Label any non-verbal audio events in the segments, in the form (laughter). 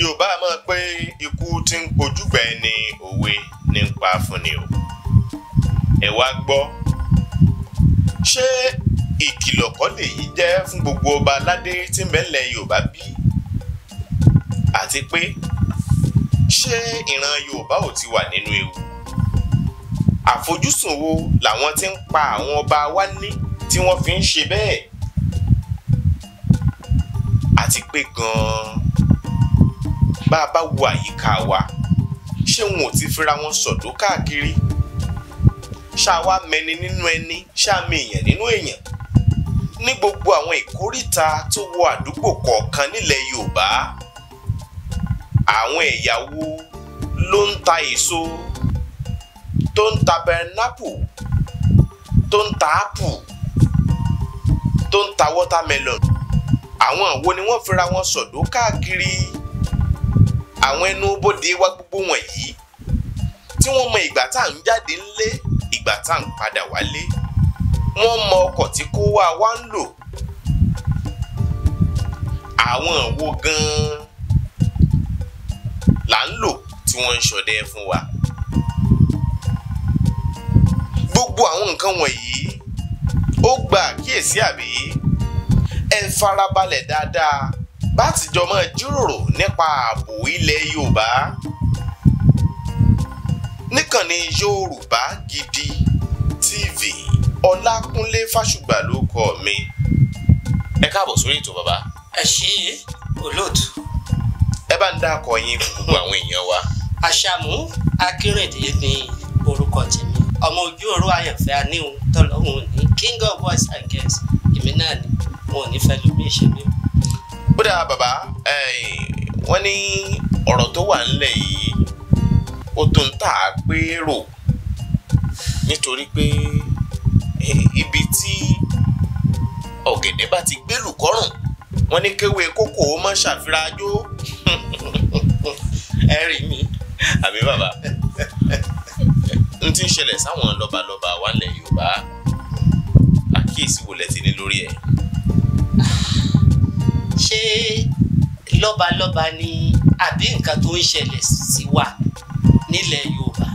yorùbá mọ̀ pé ikú tí ń pojúgbà ẹni òwe ní ń pa fúnni o ẹ wá gbọ́ ṣé ìkìlọ̀ kọ́ lèyí jẹ́ fún gbogbo ọba aládé tí mẹ́lẹ̀ yorùbá bí àti pé ṣé ìran yorùbá ò ti wà nínú ewu àfojúsùn wo làwọn tí ń pa àwọn ọba wa ní tí wọ́n fi ń ṣe bẹ́ẹ̀ àti pé gan-an bá a bá wo àyíká wa ṣé wọn ò ti fira wọn sọ̀dọ̀ káàkiri ṣáwa mẹni nínú ẹni ṣáàmì èèyàn nínú èèyàn ní gbogbo àwọn ìkóríta tó wọ àdúgbò kọ̀ọ̀kan nílẹ̀ Yorùbá àwọn ẹ̀yà wo ló ń ta èso tó ń ta bẹrẹnápù tó ń ta ápù tó ń ta wọ́támẹ́lọ̀n àwọn wo ni wọ́n fira wọn sọ̀dọ̀ káàkiri àwọn ẹnu bóde wa gbogbo wọ̀nyí tí wọ́n mọ ìgbà tá à ń jáde ńlé ìgbà tá à ń padà wálé wọ́n mọ ọkọ̀ tí kó wá wá ń lò àwọn wo gan-an là ń lò tí wọ́n ń ṣọdẹ fún wa gbogbo àwọn nǹkan wọ̀nyí ó gba àkíyèsí àbí ẹ farabalẹ̀ dáadáa bátìjọ máa jíròrò nípa ààbò ilẹ̀ Yorùbá níkànnì Yorùbá Gidi TV Ọlákúnlé Fásùgbà ló kọ mi ẹ káàbọ̀ sórí ètò bàbá. ẹ ṣí olóòtú. ẹ bá ń dákọ yín gbogbo àwọn èèyàn wa. àṣàmú akérèdé ni orúkọ tèmi ọmọ ojú ọ̀rọ̀ àyànfẹ́ aníhun tọlọhún ní king of boys and girls èmi náà ni wọn ò ní fẹ́ lómi ìṣẹ̀lẹ̀ o kódà bàbá wọ́n ní ọ̀rọ̀ tó wà ńlẹ̀ yìí ó tó ń tà á pé rò nítorí pé ibi tí ọ̀gẹ̀dẹ̀ bá ti gbélù kọ́rùn wọ́n ní kéwé kókó ó má ṣàfirajó (laughs) ẹ rí mi àbí bàbá n ti ń ṣẹlẹ̀ sáwọn lọ́balọ́ba wa ńlẹ̀ Yorùbá àkíyèsí wo lẹ ní lórí ẹ̀ ṣé lọ́balọ́ba ni àbí nǹkan tó ń ṣẹlẹ̀ sí wa nílẹ̀ Yorùbá.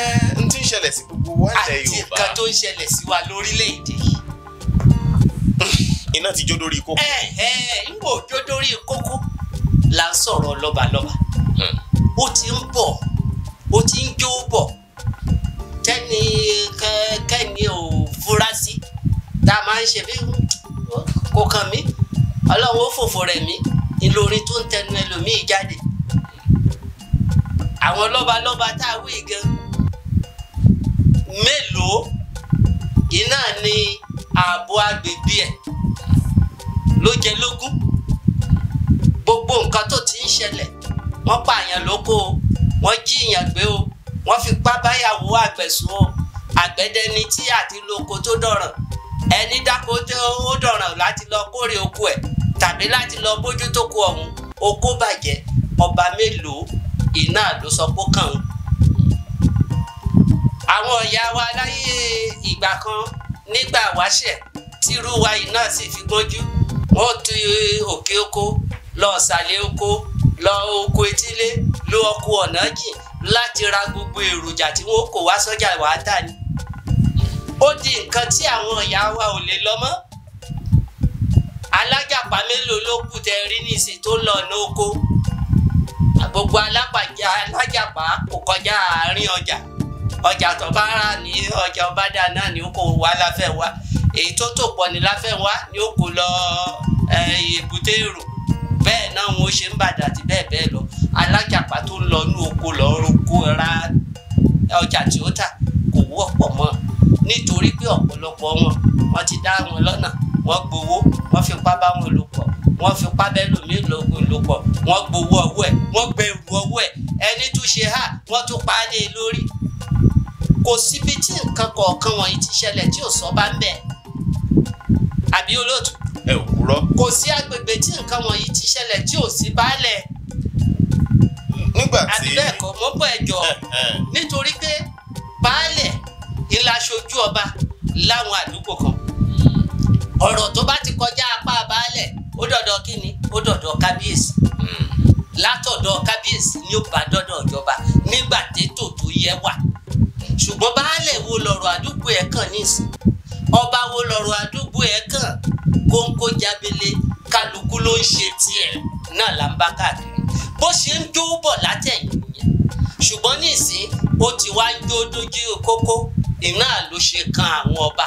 ẹ n tí ń ṣẹlẹ̀ sí gbogbo wa nílẹ̀ Yorùbá àti nǹkan tó ń ṣẹlẹ̀ sí wa lórílẹ̀‐èdè yìí. iná ti jó kókó. ẹ ẹ n kò kókó la ń sọ̀rọ̀ lọ́balọ́ba hmm. ó ti ń bọ̀ ó ti ń jó bọ̀ tẹ́ni kẹ́ni ò fura sí tá a máa ń ṣe bí hmm, kò kàn mí ọlọ́run ó fòfò rẹ̀ mí ìlórin tó ń tẹnu ẹlòmíì jáde àwọn lọ́balọ́ba tá a wí gan mélòó iná ni ààbò agbègbè ẹ̀ ló jẹ lógún gbogbo nǹkan tó ti ń ṣẹlẹ̀ wọ́n pààyàn lóko o wọ́n jíyàn gbé o wọ́n fipá báyàwó àgbẹ̀sùn o àgbẹ̀dẹni tí àti lóko tó dọ̀ràn ẹni dáko tó dọ̀ràn láti lọ kórè oko ẹ̀. E tàbí láti lọ bójú tó kó ọ̀hún okó bàjẹ́ ọba mélòó iná ló sọ pé kàn án. àwọn ọ̀yà wa láyé ìgbà kan nígbà wáṣẹ̀ tírú wa iná sì fi gbọ́njú wọ́n tu òkè oko lọ sàlẹ̀ oko lọ oko etílé lọ ọkọ ọ̀nà jìn láti ra gbogbo èròjà tí wọ́n kó wá sọ́jà wàá tà ó di nǹkan tí àwọn ọ̀yà wa ò lè lọ mọ́ alálàpà mélòó ló kù tẹ rí nísìn tó lọ lóko gbogbo alápàjá alájàpá kò kọjá àárín ọjà ọjà tó bá rà ní ọjà ọbàdà náà ni ó kò wá láfẹ̀wá èyí tó tò pọ̀ ní láfẹ̀wá ni ó kò lọ èbúté èrò bẹ́ẹ̀ náà wọn ó ṣe ń bàdà àti bẹ́ẹ̀ bẹ́ẹ̀ lọ alájàpá tó ń lọ inú oko lọ roko ra ọjà tí ó tà kò wọ́pọ̀ mọ́ nítorí pé ọ̀pọ̀lọpọ̀ wọn wọ́n ti dá wọn lọ́nà wọ́n gbowó wọ́n fipá bá wọn lò pọ̀ wọ́n fipá bẹ́lòmíì lò pọ̀ wọ́n gbowó ọwọ́ ẹ̀ wọ́n gbẹrù ọwọ́ ẹ̀ ẹni tún ṣe hà wọ́n tún pa á lé e lórí kò síbi tí nǹkan kọ̀ọ̀kan wọ̀nyí ti ṣẹlẹ̀ tí ò sọ bá ń bẹ̀ àbí olóòtú ẹ ò kúrọ. kò sí agbègbè tí nǹkan wọ̀nyí ti ṣẹlẹ̀ tí ò sí baálẹ̀. nígbà tí àbí bẹ́ẹ̀ kọ́ mọ́ bọ̀ ẹ̀jọ̀ ọ̀rọ̀ tó bá ti kọjá apá baálẹ̀ ó dọ̀dọ̀ kíni ó dọ̀dọ̀ kábíyèsí látọ̀dọ̀ kábíyèsí ni ó bá dọ́dọ̀ ìjọba nígbà tètò tó yẹ wà ṣùgbọ́n baálẹ̀ wo lọ̀rọ̀ àdúgbò ẹ̀ kàn nísìn ọba wo lọ̀rọ̀ àdúgbò ẹ̀ kàn kóńkó jábele kálukú ló ń ṣe tiẹ̀ náà là ń bá káàkiri bó ṣe ń jó bọ̀ látẹ̀yìn ṣùgbọ́n nísìn ó ti wá ń jó dójú kókó iná ló ṣe kan àwọn ọba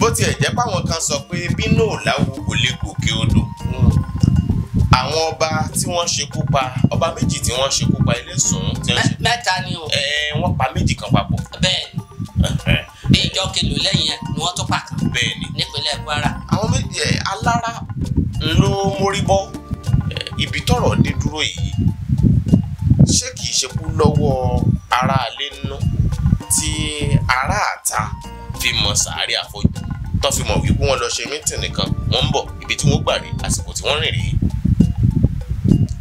bó tiẹ̀ jẹ́ páwọn kan sọ pé bínú òláwo kò lè gòkè odò àwọn ọba tí wọ́n ṣekú pa ọba méjì tí wọ́n ṣekú pa Ẹlẹ́sùn tí wọ́n ṣe. mẹ́ta ni o. ẹ wọ́n pa méjì kan papọ̀. bẹ́ẹ̀ni (laughs) bí ìjọ kìlò lẹ́yìn yẹn ni wọ́n tún pa kan. bẹ́ẹ̀ni nípínlẹ̀ Kwara. àwọn méjì ẹ alára ló mórí bọ́ ibi tọ́rọ̀ dé dúró yìí ṣé kìí ṣekú lọ́wọ́ aráalé nínú tí aráàta fi mọ sàárè àfọ̀jù tó fi mọ̀ wípé wọ́n lọ ṣe mítìn nìkan wọ́n ń bọ̀ ibi tí wọ́n gbà rí àsìkò tí wọ́n rìn rí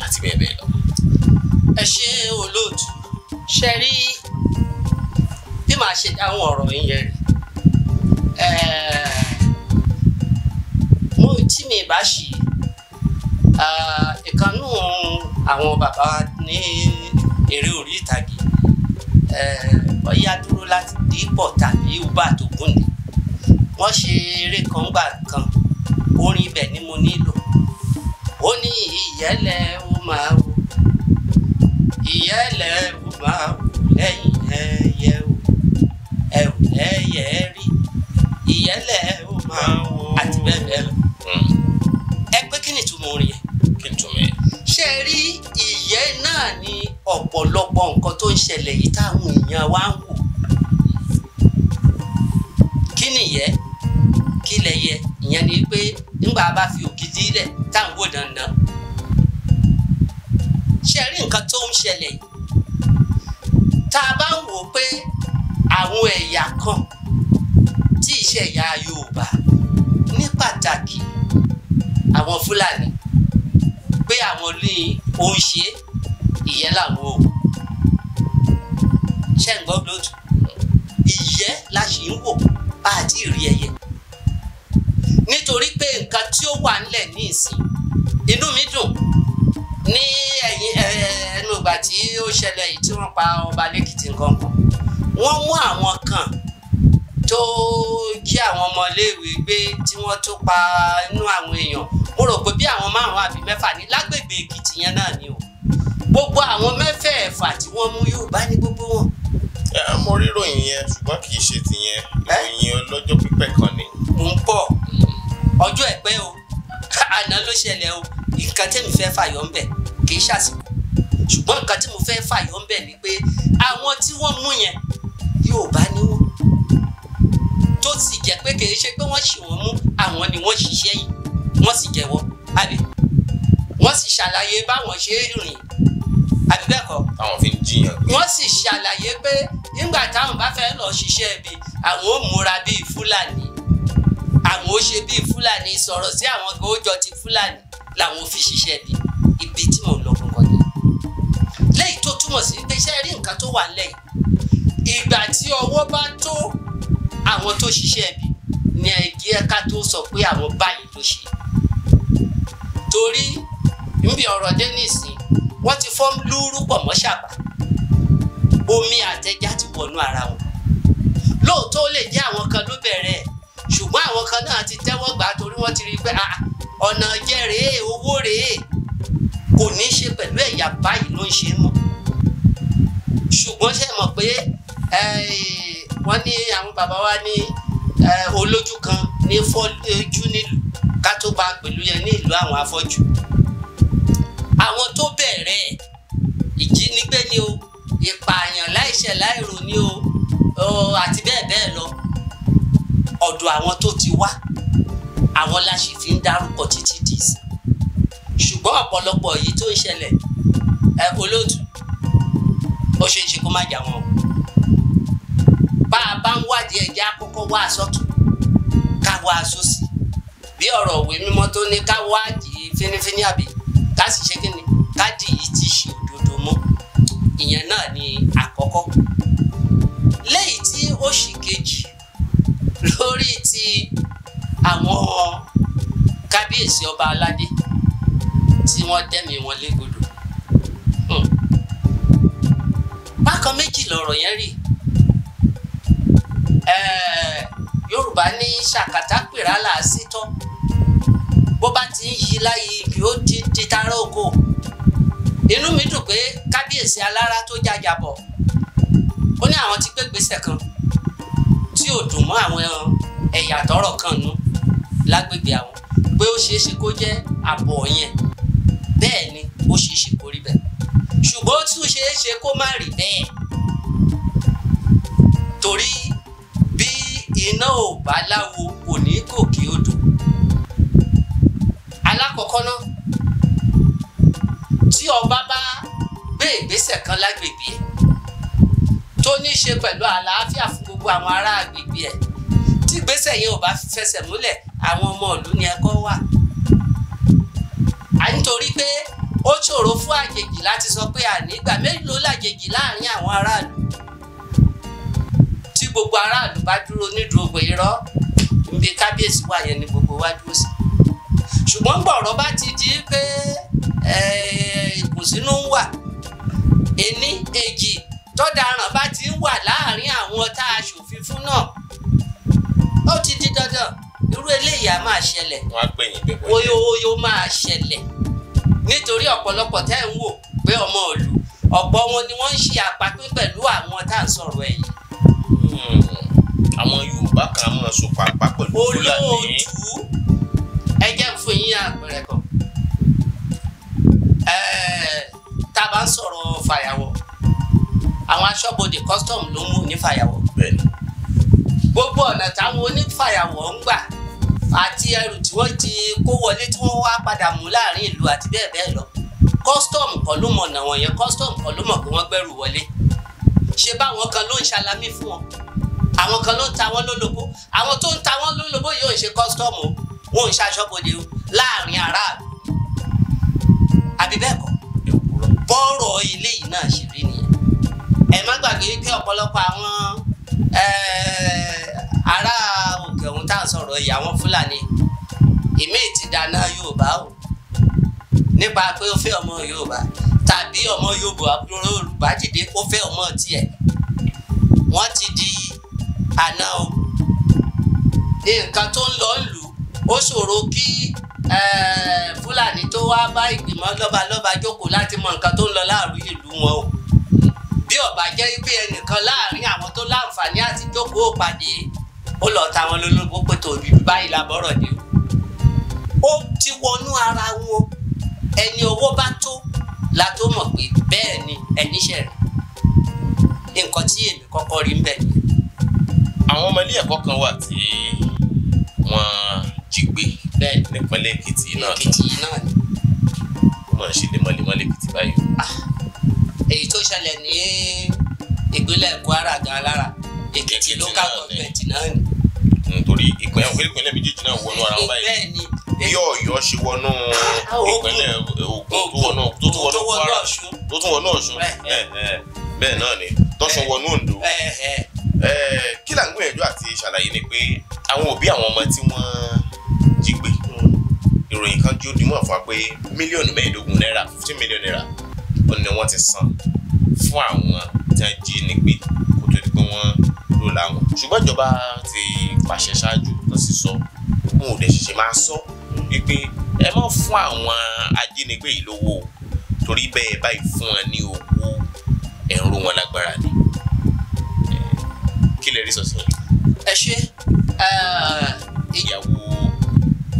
àti bẹ́ẹ̀ bẹ́ẹ̀ lọ. ẹ ṣe olóòtú ṣe rí bí màá ṣe dáhùn ọ̀rọ̀ yín yẹn mo tí mi bá ṣì ìkànnù àwọn bàbá ní eré orí ìtàgé ọ̀yá dúró láti dé pọ̀ tàbí uber tó gùn ni wọ́n ṣe eré kan gbà kan orin ibẹ̀ ni mo nílò ó ní ìyẹ́lẹ̀ ó máa wò ìyẹ́lẹ̀ ó máa wò lẹ́yìn ẹyẹ o ẹ ò lẹ́yẹ rí ìyẹ́lẹ̀ ó máa wò àti bẹ́ẹ̀ bẹ́ẹ̀ lọ. Hmm. ẹ pé kí ni ìtumọ̀ orin yẹn. kí ni ìtumọ̀ yẹn. ṣé ẹ rí ìyẹ́ náà ni ọ̀pọ̀lọpọ̀ nǹkan tó ń ṣẹlẹ̀ yìí táwọn èèyàn wa ń wò kí nìyẹn kí lẹ yẹ ìyẹn ni pé nígbà bá fi ògidì lẹ̀ tá à ń wò dandan ṣe rí nǹkan tó ń ṣẹlẹ̀ tá a bá ń wò pé àwọn ẹ̀yà kan tí ìṣe ẹ̀yà Yorùbá ní pàtàkì àwọn Fúlàní pé àwọn ní òun ṣe ìyẹn làwọn o ṣe ń gbọ́ blóòtù la ṣì ń wò bá a ti rí ẹyẹ nítorí pé nǹkan tí ó wà ńlẹ̀ ní ìsìn inú mi dùn ní ẹ̀yìn ẹnu ìgbà tí ó ṣẹlẹ̀ yìí tí wọ́n pa ọba lẹ́kìtì nǹkan kan wọ́n mú àwọn kan tó jí àwọn ọmọléèwé gbé tí wọ́n tó pa inú àwọn èèyàn mo rò pé bí àwọn márùn-ún àbí mẹ́fà ní lágbègbè èkìtì yẹn náà ni o gbogbo àwọn mẹ́fẹ̀ẹ̀fà tí wọ́n mú yorùbá ní gbogbo wọn. mo rí ròyìn yẹn ṣùgbọ́n kì í ṣe tìyẹn ìròyìn ọlọ́jọ́ pípẹ́ kan ọjọ́ ẹ̀ pé o (laughs) àná ló ṣẹlẹ̀ o nǹkan tẹ́mi fẹ́ fàyọ̀ ń bẹ̀ kì í ṣàsìkò ṣùgbọ́n nǹkan tí mo fẹ́ fàyọ̀ ń bẹ̀ ni pé àwọn tí wọ́n mú yẹn yóò bá ní wọn tó sì jẹ́ pé kì í ṣe pé wọ́n ṣì wọ́n mú àwọn ni wọ́n ṣiṣẹ́ yìí wọ́n sì jẹ́wọ́ àbí wọ́n sì ṣàlàyé báwọn ṣe rìn àbí bẹ́ẹ̀ kọ́. àwọn fi ń jiyàn. wọ́n sì ṣàlàyé pé nígbà táwọn bá fẹ́ lọ ṣiṣẹ́ ibi àwọn ò múra bíi fúlàní àwọn ó ṣe bíi fúlàní sọ̀rọ̀ sí àwọn kan ó jọ ti fúlàní làwọn ó fi ṣiṣẹ́ bí ibi tí mò ń lọ gangan ni. lẹ́yìn tó túmọ̀ sí pé iṣẹ́ rí nǹkan tó wà lẹ́yìn ìgbà tí ọwọ́ bá tó àwọn tó ṣiṣẹ́ bí ni ẹ̀gí ẹ̀ka tó sọ pé àwọn báyìí ló ṣe. torí níbi ọ̀rọ̀ dé nísìn wọ́n ti fọ́ lúrú pọ̀ mọ́ ṣàbà omi àtẹ̀já ti wọnú ara wọn lóòótọ́ ó lè jẹ́ àwọn kan ló bẹ̀rẹ̀ ẹ̀ ṣùgbọ́n àwọn kan náà ti tẹ́wọ́ gbà torí wọ́n ti rí i pé ah, ọ̀nà jẹ́ rèé owó rèé kò ní í ṣe pẹ̀lú ẹ̀yà báyìí ló ń ṣe mọ́ ṣùgbọ́n ṣe mọ̀ pé wọ́n ní àwọn bàbá wa ní olójú kan ní fọ́jú nílùú ká tó bá pẹ̀lú yẹn ní ìlú àwọn afọ́jú àwọn tó bẹ̀rẹ̀ ìjínigbé ni o ìpààyàn láìṣẹ̀ láìrò ni o àti bẹ́ẹ̀ bẹ́ẹ̀ lọ ọ̀dọ̀ àwọn tó ti wá àwọn la sì fi ń dárúkọ títí dì sí ṣùgbọ́n ọ̀pọ̀lọpọ̀ èyí tó ń ṣẹlẹ̀ ẹ olóòtú ó ṣe é ṣe kó má jà wọn o bá a bá ń wádìí ẹ̀jẹ̀ àkọ́kọ́ wá àsọ̀tù ká wá àsọ̀sì bí ọ̀rọ̀ òwe mímọ́ tó ní ká wádìí fínífíní àbí ká sì ṣe kí ni ká dì í ti ṣe òdodo mọ́ ìyẹn náà ni àkọ́kọ́ ọba aládé tí wọ́n dẹ́mi wọn légbodò hmm. bákan méjì lọ̀rọ̀ yẹn rí yorùbá ní ṣàkàtà pèrà làásìtọ́ bó bá ti ń yí láyé ibi ó di titara oko inú mi dùn pé kábíyèsí alára tó jajabọ̀ ó ní àwọn ti gbé gbèsè kan tí ò dùn mọ́ àwọn ẹ̀yà tọ́rọ̀ kan nú lágbègbè àwọn pé ó ṣeé ṣe kó jẹ́ àbọ̀ yẹn bẹ́ẹ̀ ni ó ṣeé ṣe kó rí bẹ́ẹ̀ ṣùgbọ́n ó tún ṣeé ṣe kó má rí bẹ́ẹ̀ torí bí iná ò bá láwo kò ní gòkè odò alákọ̀ọ́kọ́ náà tí ọba bá gbé ìgbésẹ̀ kan lágbègbè tó ní í ṣe pẹ̀lú àlàáfíà fún gbogbo àwọn ará agbègbè ẹ̀ tí gbèsè yẹn ò bá fẹsẹ̀ múlẹ̀ àwọn ọmọ ìlú ni ẹ̀kọ́ wà. à ń torí pé ó ṣòro fún àjèjì láti sọ pé ànígbà mélòó làjèjì láàrin àwọn aráàlú tí gbogbo aráàlú bá dúró nídùú ògbò irọ́ níbi kábíyèsí wà yẹn ni gbogbo wa dúró sí. ṣùgbọ́n gbọ̀rọ̀ bá ti di pé eh, ìkùnsínú ń wà ení èjì tọ́daràn bá ti ń wà láàrin àwọn tá a ṣòfin fún náà ó ti di dandan irú eléyìí á máa ṣẹlẹ̀ oyoyo máa ṣẹlẹ̀ nítorí ọ̀pọ̀lọpọ̀ tẹ́ ń wò pé ọmọ òlu ọ̀pọ̀ wọn ni wọ́n ń ṣe àpapín pẹ̀lú àwọn tá à ń sọ̀rọ̀ ẹ̀yìn. Hmm. àwọn Yorùbá kan máa sopọ̀ àpá pẹ̀lú Fúlàní. olóòtú ẹ jẹ́ fún yín àpẹẹrẹ kan tá a bá ń sọ̀rọ̀ fàyàwọ́ àwọn aṣọ́bodè custom ló ń mú ní fàyàwọ́. bẹ́ẹ̀ni gbogbo ọ̀nà táwọn onífàyàwọ̀ ń gbà àti ẹrù tí wọ́n ti kó wọlé tí wọ́n wá padà mú láàrin ìlú àti bẹ́ẹ̀ bẹ́ẹ̀ lọ custom kan ló mọ̀ ọ̀nà wọ̀nyẹn custom kan ló mọ̀ pé wọ́n gbẹ́rù wọlé ṣe báwọn kan ló ń ṣalamí fún wọn àwọn kan ló ń ta wọn lólobó àwọn tó ń ta wọn lólobó yóò ṣe custom o wọn ò ṣe o láàrin aráàlú àbí bẹ́ẹ̀ kọ́ bọ́ọ̀rọ̀ ilé yìí náà ṣe rí nìyẹn ẹ má gbàgbé pé ọ̀pọ̀lọpọ̀ àwọn Eh, ará òkè ọ̀hún tá à ń sọ̀rọ̀ yìí àwọn fúlàní ìmí ti dáná yorùbá o nípa pé ó fẹ́ ọmọ yorùbá tàbí ọmọ yorùbá yorùbá dìde ó fẹ́ ọmọ tiẹ̀ wọ́n ti di àná o nǹkan tó ń lọ ń lù ó ṣòro kí eh, fúlàní tó wá bá ìgbìmọ̀ lọ́balọ́ba jókòó láti mọ nǹkan tó ń lọ láàrú ìlú wọn o bí ó bá jẹ́ pé ẹnìkan láàrin àwọn tó láǹfààní àti jókòó pàdé ó lọ ta wọn lólobó pé tòbí báyìí labọ́rọ̀ ni o ó ti wọnú ara wọn ẹni owó bá tó la tó mọ̀ pé bẹ́ẹ̀ ni ẹni ṣẹ̀rẹ̀ nǹkan tí èmi kọ́kọ́ rí mbẹ́ ni. àwọn ọmọ ilé ẹ̀kọ́ kan wà tí wọ́n jí gbé nípínlẹ̀ èkìtì náà ni wọ́n máa ń ṣe lemọ́lemọ́ báyìí. Ah èyí tó ṣẹlẹ̀ ní ìpínlẹ̀ Kwara gan lára Èkìtì local government náà ni. nítorí hmm, ìpínlẹ̀ ìpínlẹ̀ méjèèjì náà wọnú ara wọn báyìí bí Ọ̀yọ́ ṣe wọnú ah, ìpínlẹ̀ Ògùn tó tún wọnú Kwara tó tún wọnú Ọ̀ṣun bẹ́ẹ̀ eh, eh. náà ni tọ́sùn eh, wọnú Oǹdó kí là ń gbìyànjú àti ṣàlàyé ni pé àwọn òbí àwọn ọmọ tí wọ́n jí gbé hmm. ìròyìn kan jó dimọ̀ fún wa pé mílíọ̀nù mẹ́ẹ̀ẹ́dógún náírà fifteen million naira ó ní wọ́n ti san fún àwọn tí wọ́n jí ní pé kó tó di pé wọ́n lò láwọn ṣùgbọ́n ìjọba ti pàṣẹ ṣáájú tó sì sọ mo ò dẹ̀ ṣẹ̀ṣẹ̀ máa sọ wípé ẹ má fún àwọn ajínigbé yìí lówó torí bẹ́ẹ̀ báyìí fún wọn ní owó ẹ̀rù wọn lágbára ni kí lè rí sọ sí yẹn. ẹ ṣe ìyàwó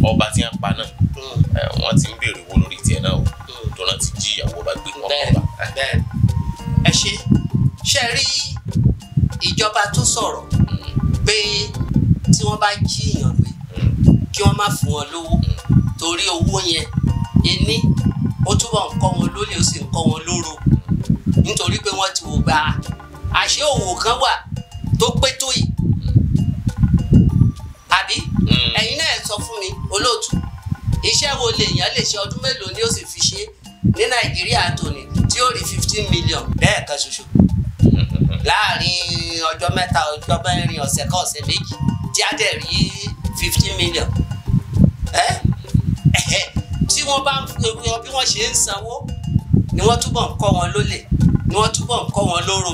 ọba tí wọ́n pa náà hmm. wọ́n ti ń béèrè owó lórí tiẹ̀ náà o. Hmm dọ́là ti jí ìyàwó ọba gbé wọn kọ́ba. ẹ ṣe ṣe rí ìjọba tó sọ̀rọ̀ hmm. pé tí wọ́n bá jí èèyàn gbé hmm. kí wọ́n má fún wọn lówó hmm. torí owó yẹn ení ó túbọ̀ ń kọ́ wọn lólè ó sì ń kọ́ wọn lóró nítorí pé wọ́n ti wò gba ah, àṣé òwò kan wà tó pé tó yìí àbí ẹ̀yin náà sọ fún mi olóòtú iṣẹ́ wo lèèyàn lè ṣe ọdún mélòó ni ó sì fi ṣe ní nàìjíríà tòní tí ó rí fifteen million lẹ́ẹ̀kan ṣoṣo láàrin ọjọ́ mẹ́ta ọjọ́ mẹ́rin ọ̀sẹ̀ kan ọ̀sẹ̀ méjì tí a dẹ̀ rí fifteen million tí wọ́n bá ń wọ́n bí wọ́n ṣe ń sanwó ni wọ́n túbọ̀ ń kọ́ wọn lólè ni wọ́n túbọ̀ ń kọ́ wọn lóró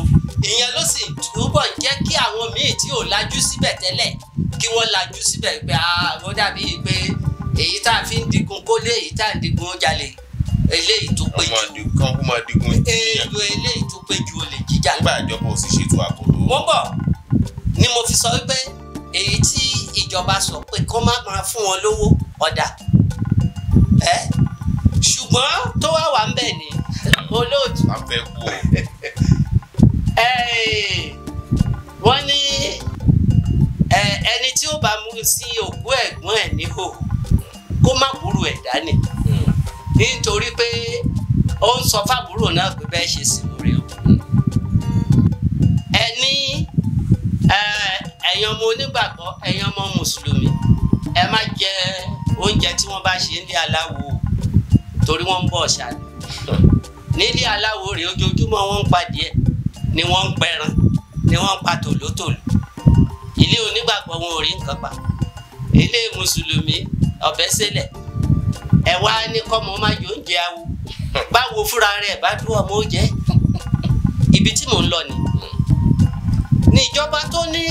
ìyẹn ló sì túbọ̀ ń jẹ́ kí àwọn míì tí ò lajú síbẹ̀ tẹ́lẹ̀ kí wọ́n lajú síbẹ̀ pé àwọn ah, dàbí pé èyí tá a fi ń digun kólé èyí tá a ń digun jalè eléyìí tó pé ju kan kó máa digun èèlò eléyìí tó pé ju olè jíjà. nígbà ìjọba ò sì ṣètò àkóso. mo bọ̀ ni mo fi sọ wípé èyí tí ìjọba sọ pé kó má máa fún wọn lówó ọ̀dà ẹ́ ṣùgbọ́n tó wá wà ń bẹ̀ ni (laughs) olóòtú. a fẹ́ kú o. (laughs) wọ́n ní ẹni tí ó bá mú sí òkú ẹ̀gbọ́n ẹ̀ níhò kó má burú ẹ̀ dání nítorí pé ó ń sọ fábúrò náà pé bẹ́ẹ̀ ṣe sì lórí o ẹ ní ẹ̀yin ọmọ onígbàgbọ́ ẹ̀yin ọmọ mùsùlùmí ẹ má jẹ oúnjẹ tí wọ́n bá ṣe nílé aláwo torí wọ́n ń bọ̀ ṣá nílé aláwo rèé ojoojúmọ́ wọ́n ń pa díẹ̀ ni wọ́n ń pẹran ni wọ́n ń pa tòlótòló ilé onígbàgbọ́ wọn ò rí nǹkan pa ilé mùsùlùmí ọ̀bẹ sílẹ̀ ẹ wá ní kọ́mọ má jò ń jẹ awo báwo fúnra rẹ̀ bá dún ọmọ ó ibi tí mò ń lọ ni ní ìjọba tó ní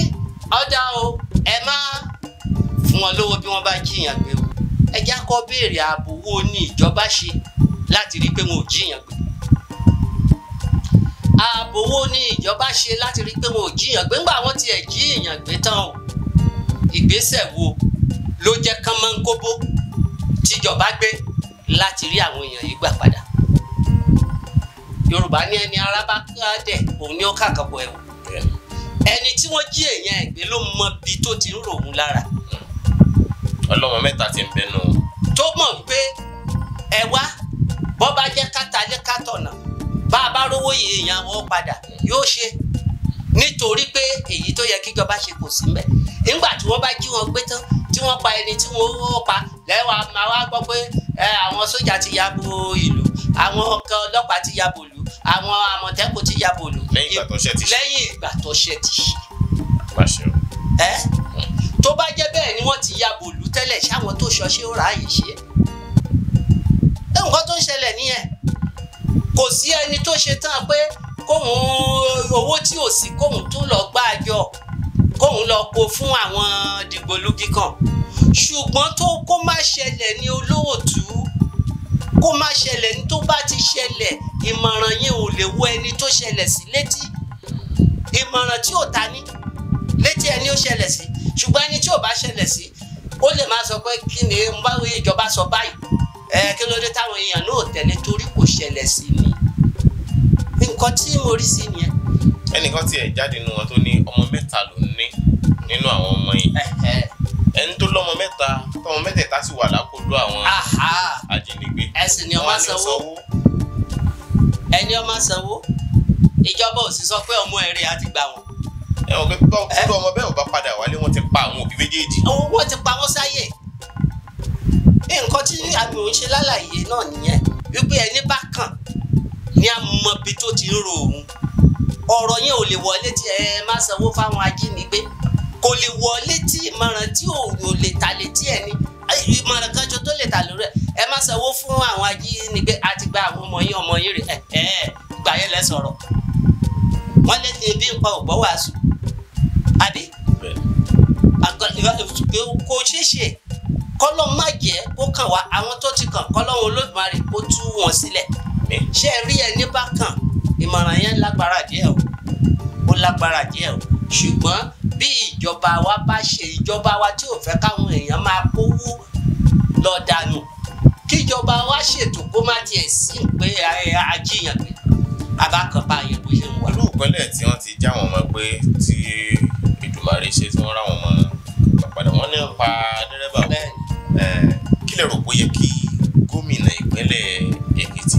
ọjà o ẹ má fún wọn lówó bí wọ́n bá jiyàn gbé o ẹ já kọ́ béèrè ààbò wo ni ìjọba ṣe láti rí i pé wọn ò jiyàn gbé ààbò wo ni ìjọba ṣe láti rí i pé wọn ò jiyàn gbé ńgbà wọn tiẹ̀ jiyàn gbé tán o ìgbésẹ̀ wo ló jẹ́ kán máa ń kóbó tíjọba gbé láti rí àwọn èèyàn yìí gbà padà yorùbá ní ẹni ara bá ká dẹ òun ni ó kàkàbọ ẹwù ẹni tí wọ́n jí èèyàn ẹgbẹ́ ló mọ bí tó ti ń ròhun lára. ọlọ́mọ mẹ́ta ti ń bẹnu. tó mọ̀ pé ẹ wá bọ́ bá jẹ́ káta jẹ́ kátọ̀nà bá a bá rówó yìí èèyàn wọ́n padà yóò ṣe nítorí pé èyí tó yẹ kíjọba ṣe kò sí mbẹ̀ nígbà tí wọ́n bá jí wọn gbé tán tí wọ́n pa ẹni tí wọ́n pa lẹ́wọ̀ máa wá gbọ́ pé àwọn sójà ti ya bo ìlú àwọn ọkọ̀ ọlọ́pàá ti ya bo ìlú àwọn àmọ̀tẹ́kùn ti ya bo ìlú. lẹ́yìn ìgbà tọ́ṣẹ́ ṣe. ti ṣe. ẹ tó bá jẹ́ bẹ́ẹ̀ ni wọ́n ti ya bo ìlú tẹ́lẹ̀ ṣáwọn tó ṣọṣẹ́ ó ráàyè ṣe é nǹkan tó ń ṣẹlẹ̀ nìyẹn kò sí ẹni tó ṣe tán pé kóhun owó tí ò sí kóhun tó lọ gbá àjọ kóun lọ kó fún àwọn dìgbòlugi kan ṣùgbọ́n tó kó má ṣẹlẹ̀ ní olóòtú kó má ṣẹlẹ̀ ní tó bá ti ṣẹlẹ̀ ìmọ̀ràn yẹn ò lè wọ ẹni tó ṣẹlẹ̀ sí létí ìmọ̀ràn tí ò ta ní létí ẹni ó ṣẹlẹ̀ sí ṣùgbọ́n ẹni tí ò bá ṣẹlẹ̀ sí ó lè máa sọ pé kí ni mo bá wòye ìjọba sọ báyìí ẹ kí ló dé táwọn èèyàn náà tẹ̀lé torí kò ṣẹlẹ̀ sí ni nǹkan tí mo rí sí nìyẹn. ẹnìkan tiẹ̀ jáde nù wọn tó ní ọmọ mẹ́ta ló ní nínú àwọn ọmọ yìí ẹni tó lọ́mọ mẹ́ta tọmọ mẹ́tẹ̀ẹ̀ta sì wà lákòló àwọn ajínigbé ẹsìn ni ọmọ sanwó ẹni ọmọ sanwó ìjọba ò sì sọ pé ọmọ ẹ̀rẹ́ á ti gbà wọn. ẹ wọ́n pé kúrò ọmọ bẹ́ẹ̀ ò bá padà wálé wọ́n ti pa àwọn òbí méjèèjì. wọ́n ti pa wọ́n sáyè nǹkan tí àmì òun ṣe lálàyé náà nìyẹn wípé ẹni bá kàn ní àmọ́ bí tó ti ń ro òun ọ̀rọ̀ yẹn ò lè wọlé tí ẹ má sanwó fáwọn ajínigbé kò lè wọlé tí ìmọ̀ràn tí ò lè ta létí ẹ ní ìmọ̀ràn kan jọ tó lè ta lórí ẹ ẹ má sanwó fún àwọn ajínigbé àti gba àwọn ọmọ yín ọmọ yín rè ẹ ẹ gbà yẹn lẹ sọ̀rọ̀ wọn lé ní ebi nǹkan ò gbọ́ wàásù àbí kò ṣeé ṣe kọ́lọ́ má jẹ́ kó kàn wá àwọn tó ti kàn kọ́lọ́ wọn Olódùmarè kó tú wọn sílẹ̀ ṣé rí ẹni bá kàn ìmọ̀ràn yẹn lágbára díẹ̀ o ó lágbára díẹ̀ o ṣùgbọ́n bí ìjọba wa bá ṣe ìjọba wa tí ò fẹ́ káwọn èèyàn máa kówó lọ dànù kíjọba wa ṣètò kó má tiẹ̀ sí pé ajíyàn pé abákanbá yẹn bó ṣe ń wà. irú ìpínlẹ̀ tí wọ́n ti já wọn mọ́ pé tí Èdùmàrè ṣe tí wọ́n rà wọn mọ́ padà wọ́n ní pa dẹ́rẹ́bà wọn kí lè rò bóyá kí gómìnà ìpínlẹ̀ Èkìtì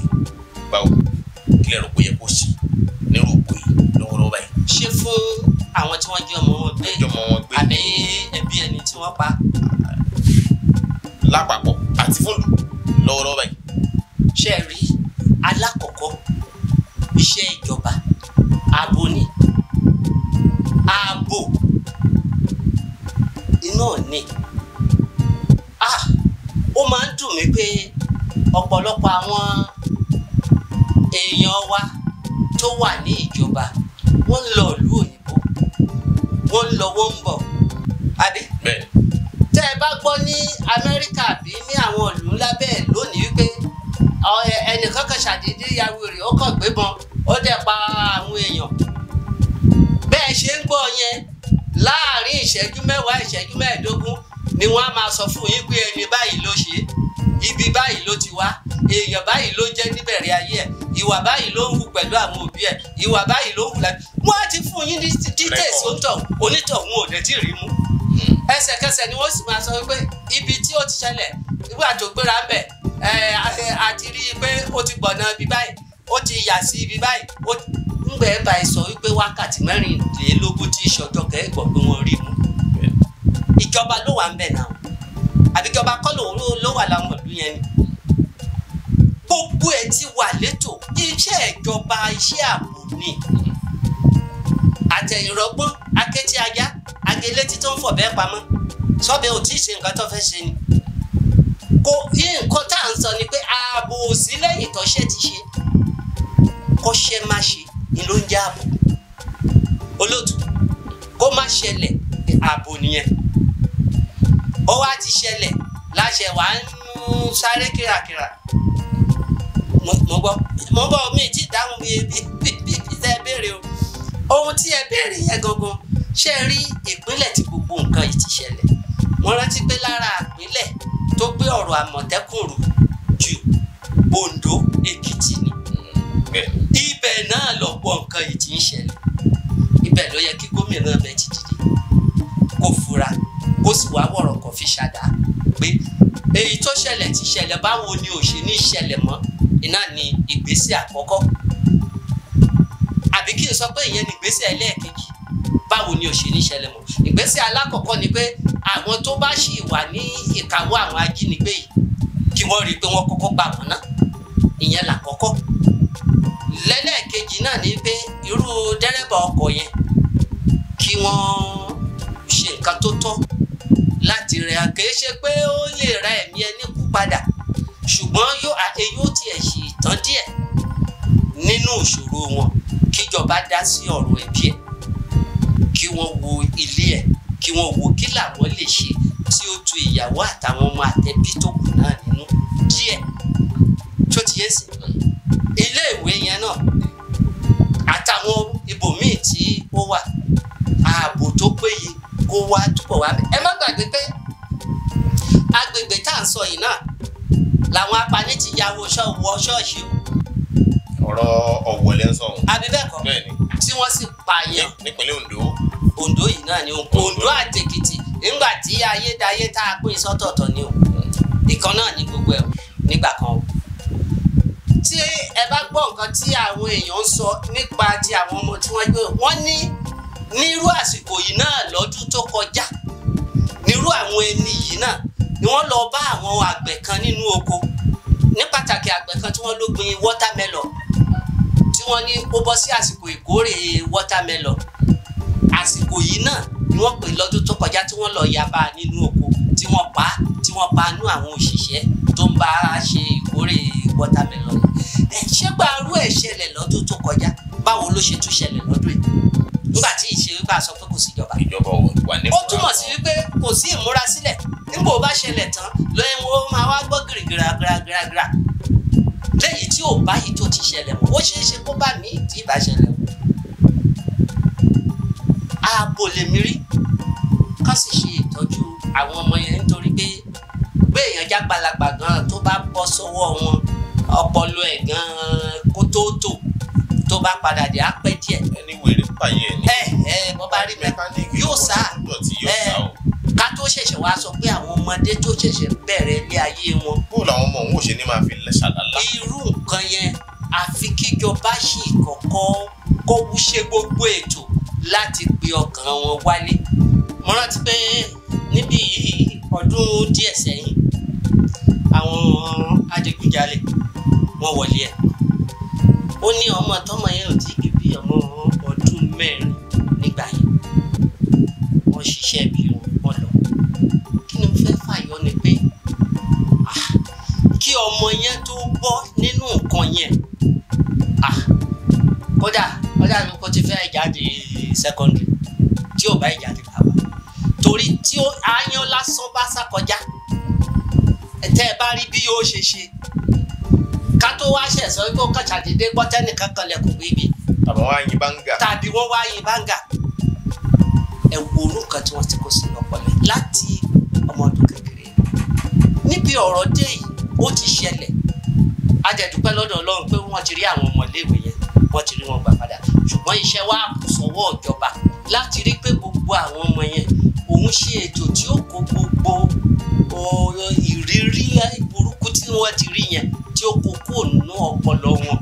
gbà wọ́n kílẹ̀ rò pé yẹ kó ṣe nírú òkú yìí lọ́wọ́lọ́wọ́ báyìí. ṣé fún àwọn tí wọ́n jẹ́ ọmọ wọn gbé àbí ẹbí ẹni tí wọ́n pa. lápapọ̀ àti fóònù lọ́wọ́lọ́wọ́ báyìí. ṣe rí alákọ̀ọ́kọ́ iṣẹ́ ìjọba abo ni abo iná ni ah ó máa ń dùn mí pé ọ̀pọ̀lọpọ̀ àwọn èèyàn wa tó wà ní ìjọba wọ́n ń lọ ìlú òyìnbó wọ́n ń lọ ń bọ̀ àbí. tẹ́ ẹ bá gbọ́ ní amẹ́ríkà àbí ní àwọn ìlú ńlá bẹ́ẹ̀ lónìí wípé ẹnìkan kan ṣàdédé ya wèrè ó kàn gbébọn ó dẹ̀ pa àwọn èèyàn bẹ́ẹ̀ ṣe ń gbọ́ yẹn láàrin ìṣẹ́jú mẹ́wàá ìṣẹ́jú mẹ́ẹ̀ẹ́dógún ni wọ́n á máa sọ fún yín pé ẹni báyìí ló ṣe ibi báyìí ló ti wá èèyàn báyìí ló jẹ́ níbẹ̀rẹ̀ ayé ẹ̀ ìwà báyìí ló ń hù pẹ̀lú àwọn òbí ẹ̀ ìwà báyìí ló ń hù láti wọ́n á ti fún yín ní details onítọ̀ onítọ̀ wọn ò dẹ̀ tí ì rí mú ẹsẹ̀kẹsẹ̀ ni wọ́n sì máa sọ pé ibi tí ó ti ṣẹlẹ̀ ìwé àjògbéra ń bẹ̀ àti rí i pé ó ti gbọ̀nà ibi báyìí ó ti yà sí ibi báyìí ó ń bẹ̀ẹ́ báyìí sọ wípé wákàtí mẹ́rìnlélógún tí ìṣọ̀jọ́ kẹ́ẹ̀gbọ̀n pé wọ́n rí mú ìjọba ló wà ń bẹ̀ náà àbíjọba kọ́ ló wà láwọn ìlú yẹn ni gbogbo ẹ̀ ti wà létò iṣẹ́ ìjọba iṣẹ́ àmúni àtẹ̀yìnrọ́gbọ́n akétí ajá agelétí tó ń fọ̀ bẹ́ẹ̀ pamọ́ sọ́bẹ̀ ò tí ì ṣe nǹkan tó fẹ́ ṣe ni kò ní nǹkan tá à ń sọ ni pé ààbò ò sí lẹ́yìn tọ́ṣẹ́ ti ṣe kọ́ṣẹ́ má ṣe ni ló ń jẹ́ ààbò olóòtú kó má ṣẹlẹ̀ ààbò nìyẹn ó wá ti ṣẹlẹ̀ láṣẹ wàá ń sáré kíràkírà mo gbọ́ mo bọ̀ mi ti dáhùn bí bí bí tẹ́ béèrè o ohun tí ẹ béèrè yẹn gangan ṣe rí ìpínlẹ̀ tí gbogbo nǹkan yìí ti ṣẹlẹ̀ mo rántí pé lára ìpínlẹ̀ tó gbé ọ̀rọ̀ àmọ̀tẹ́kùn rù ju Ondo Èkìtì ni ibẹ̀ náà lọ́pọ̀ nǹkan yìí ti ń ṣẹlẹ̀ ibẹ̀ ló yẹ kí gómìnà bẹ́ẹ̀ ti dìde kó fura kó sì wá wọ̀rọ̀ kan ṣàdá pé èyí tó ṣẹlẹ̀ ti ṣẹlẹ̀ báwo ni ò ṣe ní ṣẹlẹ̀ mọ́ iná ni ìgbésẹ̀ àkọ́kọ́ àbí kí n sọ pé ìyẹn ni ìgbésẹ̀ ẹlẹ́ẹ̀kejì báwo ni ó ṣe ní ṣẹlẹ̀ mọ́ ìgbésẹ̀ alákọ̀ọ́kọ́ ni pé àwọn tó bá ṣì wà ní ìkáwọ́ àwọn ajínigbé yìí kí wọ́n rí i pé wọ́n kọ́kọ́ gbà wọ́n ná ìyẹn làkọ́kọ́ lẹ́lẹ́ẹ̀kejì náà ni pé irú dẹ́rẹ́bà ọkọ̀ yẹn kí wọ́n ṣe nǹkan tó tọ́ láti rẹ̀ àkéṣe pé ó lè ra ẹ̀mí ẹni kú padà ṣùgbọ́n ẹ̀yin ó tiẹ̀ ṣe ìtàn díẹ̀ nínú ìṣòro wọn kíjọba dá sí ọ̀rọ̀ ẹbí ẹ̀ kí wọ́n wo ilé ẹ̀ kí wọ́n wo kí làwọn lè ṣe tí ó tu ìyàwó àtàwọn ọmọ àtẹ̀bí tó kù náà nínú díẹ̀ tó ti yé sí ilé ìwé yẹn náà àtàwọn ibòmíì tí ó wà ààbò tó péye kó wá túbọ̀ wá bẹ̀ ẹ má gbàgbé pé agbègbè tá à ń sọ yìí náà làwọn apani ti ya wọṣọ wọ o. ọ̀rọ̀ ọ̀wọ̀ ń sọ òun. àbí ni. tí wọ́n sì pààyàn. nípínlẹ̀ Ondo. Ondo yìí náà ni Ondo àtèkìtì nígbà tí ayédáyé tá a pín sọ́tọ̀ọ̀tọ̀ ni o ìkan náà ni gbogbo ẹ̀ nígbà kan o tí ẹ bá gbọ́ nǹkan tí àwọn èèyàn ń sọ nípa ti àwọn ọmọ tí wọ́n gbé wọ́n ní nírú àsìkò yìí náà lọ́dún tó kọjá nírú àwọn ẹni yìí náà ni wọ́n lọ bá àwọn àgbẹ̀ kan nínú oko ní pàtàkì àgbẹ̀ kan tí wọ́n ló gbin watermelon tí wọ́n ní ó bọ́ sí àsìkò ìkórè watermelon àsìkò yìí náà ni wọ́n pè lọ́dún tó kọjá tí wọ́n lọ yaba nínú oko tí wọ́n pa tí wọ́n pa nú àwọn òṣìṣẹ́ tó ń bá a ṣe ìkórè watermelon ẹ̀ ṣé gbàrú ẹ̀ ṣẹlẹ̀ lọ́dún tó kọjá báwo ló ṣe tún ṣẹlẹ̀ lọ́dún yìí nígbà tí ìṣèlú bá sọ pé kò síjọba ìjọba ò wà nípa ó túmọ̀ sí wípé kò sí ìmúrasílẹ̀ nígbò bá ṣẹlẹ̀ tán lọ́yẹ̀ wọ́n máa wá gbọ́ gìrìgìrà gìràgìrà lẹ́yìn tí ò bá yìí tó ti ṣẹlẹ̀ mọ́ ó ṣeé ṣe kó bá mi tí ì bá ṣẹlẹ̀ mọ́ ààbò lèmi rí ká sì ṣe ìtọ́jú àwọn ọmọ yẹn nítorí pé pé èèyàn jágbalagbà gan tó bá bọ́ sọ́wọ́ wọn ọpọlọ ẹ̀ gan kó tó tò tó bá padà dé á díẹ̀. ẹni wèrè pààyàn ẹni. ẹ ẹ bọ́ rí mi yóò sá ẹ ká tó ṣẹ̀ṣẹ̀ wá sọ pé àwọn ọmọdé tó ṣẹ̀ṣẹ̀ bẹ̀rẹ̀ ilé ayé wọn. bó làwọn ọmọ òun ò ṣe ní máa fi lẹ ṣàlálà. irú nǹkan yẹn àfi kíjọba ṣì kọ̀ọ̀kan kó ṣe gbogbo ètò láti pe ọkàn wọn wálé. mo rántí pé níbí yìí ọdún díẹ̀ sẹ́yìn àwọn adigunjalè wọn wọlé ẹ̀ ó ní ọmọ tọmọ yẹn ò tí ì ọmọ ọdún mẹ́rin nígbà yẹn wọ́n ṣiṣẹ́ bí wọn wọn lọ kí ni mo fẹ́ fàyọ ni pé ah, kí ọmọ yẹn tó bọ́ nínú nǹkan yẹn ah, kódà kódà ló kó ti fẹ́ jáde secondary tí ò bá ìjáde bàbá torí tí aáyán lásán bá sá kọjá tẹ́ ẹ bá rí bí yóò ṣe ṣe ká tó wá ṣẹ̀ sọ pé ó kàn ṣàdédé gbọ́ tẹ́nìkan kan lẹ̀kùn gbé ibi. tàbí wọ́n wá yin báńgà. tàbí wọ́n ẹ wo inú kan tí wọ́n ti kó sínú ọpọlọ láti ọmọ ọdún kékeré níbi ọ̀rọ̀ dé yìí ó ti ṣẹlẹ̀ a dẹ̀ dúpẹ́ pé wọ́n ti rí àwọn ọmọléèwé yẹn wọ́n ti rí wọn gbà padà ṣùgbọ́n iṣẹ́ wa kù sọ́wọ́ ìjọba láti rí pé gbogbo àwọn ọmọ yẹn òun ṣe ètò tí ó kó gbogbo ìrírí burúkú tí wọ́n ti rí yẹn tí ó kó kó nínú ọpọlọ wọn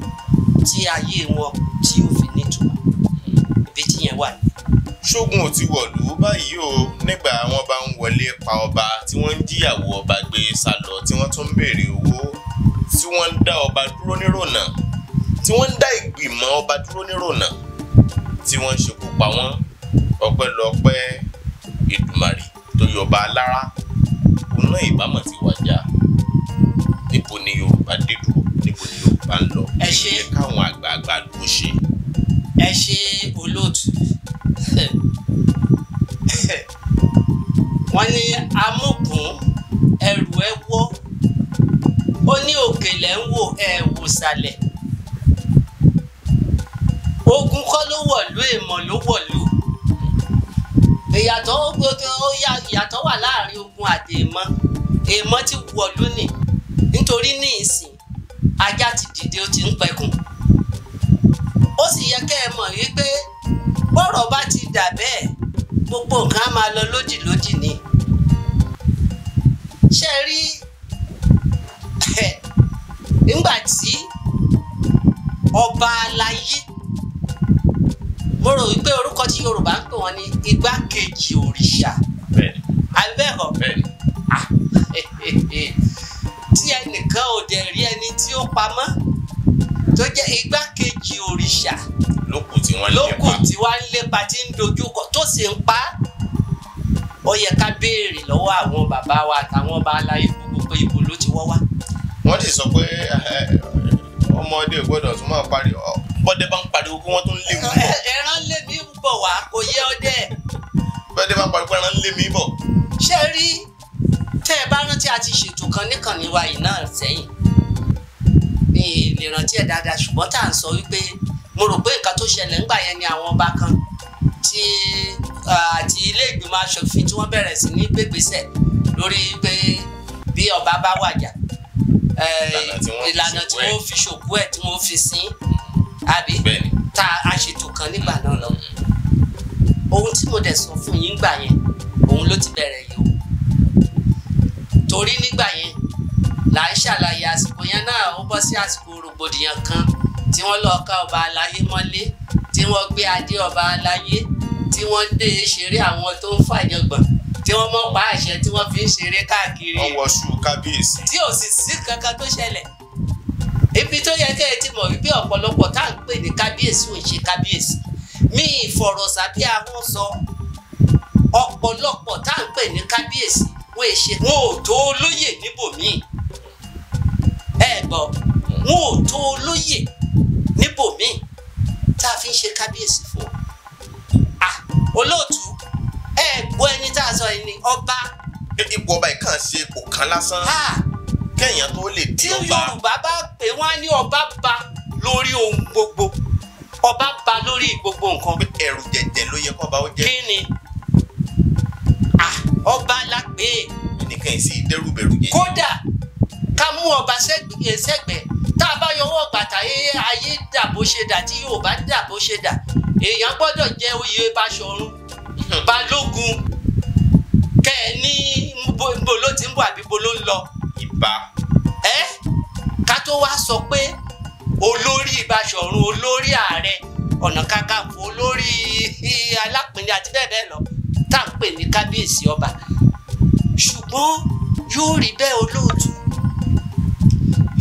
tí ayé wọn tí ó fi nítumọ̀ ibi tí yẹn wà ní ṣógun ò ti wọ̀lú báyìí o nígbà wọn bá ń wọlé pa ọba tí wọ́n ń jíyàwó ọba gbé sá lọ tí wọ́n tún ń béèrè owó tí wọ́n ń dá ọba dúró nírònà tí wọ́n ń dá ìgbìmọ̀ ọba dúró nírònà tí wọ́n ń ṣekú pa wọ́n ọpẹ́lọpẹ́ Èdùmàrè tó yọ ọba alára òun náà ìbámọ̀ ti wájà níbo ni Yorùbá dé dúró níbo ni Yorùbá ń lọ ẹ ṣe káwọn àgbààgbà ló ṣe ẹ ṣe olóòtú wọ́n ní amúgùn ẹrù ẹ wọ́ ó ní òkèlè ń wò ẹ wò sàlẹ̀ ogun kọ́ ló wọ̀lú èèmọ̀ ló wọ̀lú ìyàtọ̀ ìyàtọ̀ wà láàrin ogun àti èèmọ̀ èèmọ̀ ti wọ̀lú ni nítorí ní ìsìn ajá ti dìde ó ti ń pẹkun ó sì yẹ kẹ́ ẹ mọ̀ wípé bọ́rọ̀ bá ti dà bẹ́ẹ̀ gbogbo nǹkan á máa lọ lódìlódì ni ṣe rí (laughs) nígbà tí ọba aláyé mo rò wípé orúkọ tí Yorùbá ń pè wọ́n ní igbákejì òrìṣà abẹ́ẹ̀kọ́ (laughs) tí ẹnìkan ò dẹ̀ rí ẹni tí ó pamọ́ tó jẹ́ igbákejì òrìṣà lókùn tí wọ́n ń lépa lókùn tí wọ́n ń lépa tí ń dojúkọ tó sì ń pa ó yẹ ká béèrè lọ́wọ́ àwọn bàbá wa àtàwọn baálá ikú gbogbo ibo ló ti wọ́ wá. wọ́n ti sọ pé ọmọdé gbọ́dọ̀ tún máa pariwo bọ́dẹ bá ń pariwo kí wọ́n tún lé mi bọ̀. (laughs) ẹran lé mi bọ̀ wá kò yẹ ọdẹ. bọ́dẹ bá ń pariwo ẹran lé mi bọ̀. ṣé rí tẹ́ ẹ bá rántí a ṣètò kan níkànnì wa yìí náà sẹ́yìn lè rántí ẹ̀ dáadáa ṣùgbọ́n tá à ń sọ wípé mo rò pé nǹkan tó ṣẹlẹ̀ ńgbà yẹn ni àwọn ọba kan tí àti ilé ìgbìmọ̀ aṣòfin tí wọ́n bẹ̀rẹ̀ sí ní gbégbésẹ̀ lórí pé bí ọba bá wàjà ìlànà tí wọ́n fi ṣòkú ẹ̀ tí wọ́n fi sin mm. àbí tá a ṣètò kan nígbà náà lọ mm. ohun tí mo dẹ̀ sọ fún yín gbà yẹn òun ló ti bẹ̀rẹ̀ yìí o torí nígbà yẹn là ń ṣàlàyé àsìkò yẹn náà ó bọ́ sí àsìkò rògbòdìyàn kan tí wọ́n lọ́ọ́ ká ọba àlàyé mọ́lé tí wọ́n gbé adé ọba àlàyé tí wọ́n ń dé ṣeré àwọn tó ń fàjọgbọ̀n tí wọ́n mọ̀ pa àṣẹ tí wọ́n fi ń ṣeré káàkiri. ọwọ́ sùn kábíyèsí. tí ò sì sí kankan tó ṣẹlẹ̀ ibi tó yẹ kẹ́ ẹ ti mọ̀ wípé ọ̀pọ̀lọpọ̀ tá à ń pè ní kábíyèsí ò ń ṣe kábíyèsí mí ìfọ̀rọ̀ sábí ahọ́n sọ ọ̀pọ̀lọpọ̀ tá à ń pè ní kábíyèsí wọn ò tó olóyè níbòmíì ẹ gbọ́ wọn ò tó olóyè níbòmíì tá a fi ń ṣe kábíyèsí fún ọ olóòtú ẹ gbọ́ ẹni tá a sọ yìí ọba. ipò ọba ìkàn ṣe ipò kan lásán kéèyàn tó lè di ọba. tí yorùbá bá pè wọ́n á ní ọba ba lórí ohun gbogbo ọba ba lórí gbogbo nǹkan. ẹrù jẹjẹ ló yẹ kọba ó jẹ. kí ni ọba la pè é. ẹnìkan yìí sí dẹrù bẹrù kódà ká mú ọba sẹ́gbẹ̀ẹ́ tá a bá yọwọ́ bàtà ayé dà bó ṣe dà tí yóò bá dà bó ṣe dà èèyàn gbọ́dọ̀ jẹ oyè Baṣọ̀run hmm. Balógun kẹ ẹ ní bo ló ti ń bọ̀ àbí bo ló ń lọ. ìbá. ẹ ká tó wá sọ pé olórí Baṣọ̀run olórí ààrẹ ọ̀nà kakanfò olórí alápínlẹ̀ àti bẹ́ẹ̀ bẹ́ẹ̀ lọ tá à ń pè ní kábíyèsí ọba ṣùgbọ́n yóò rí bẹ́ẹ̀ olóòtú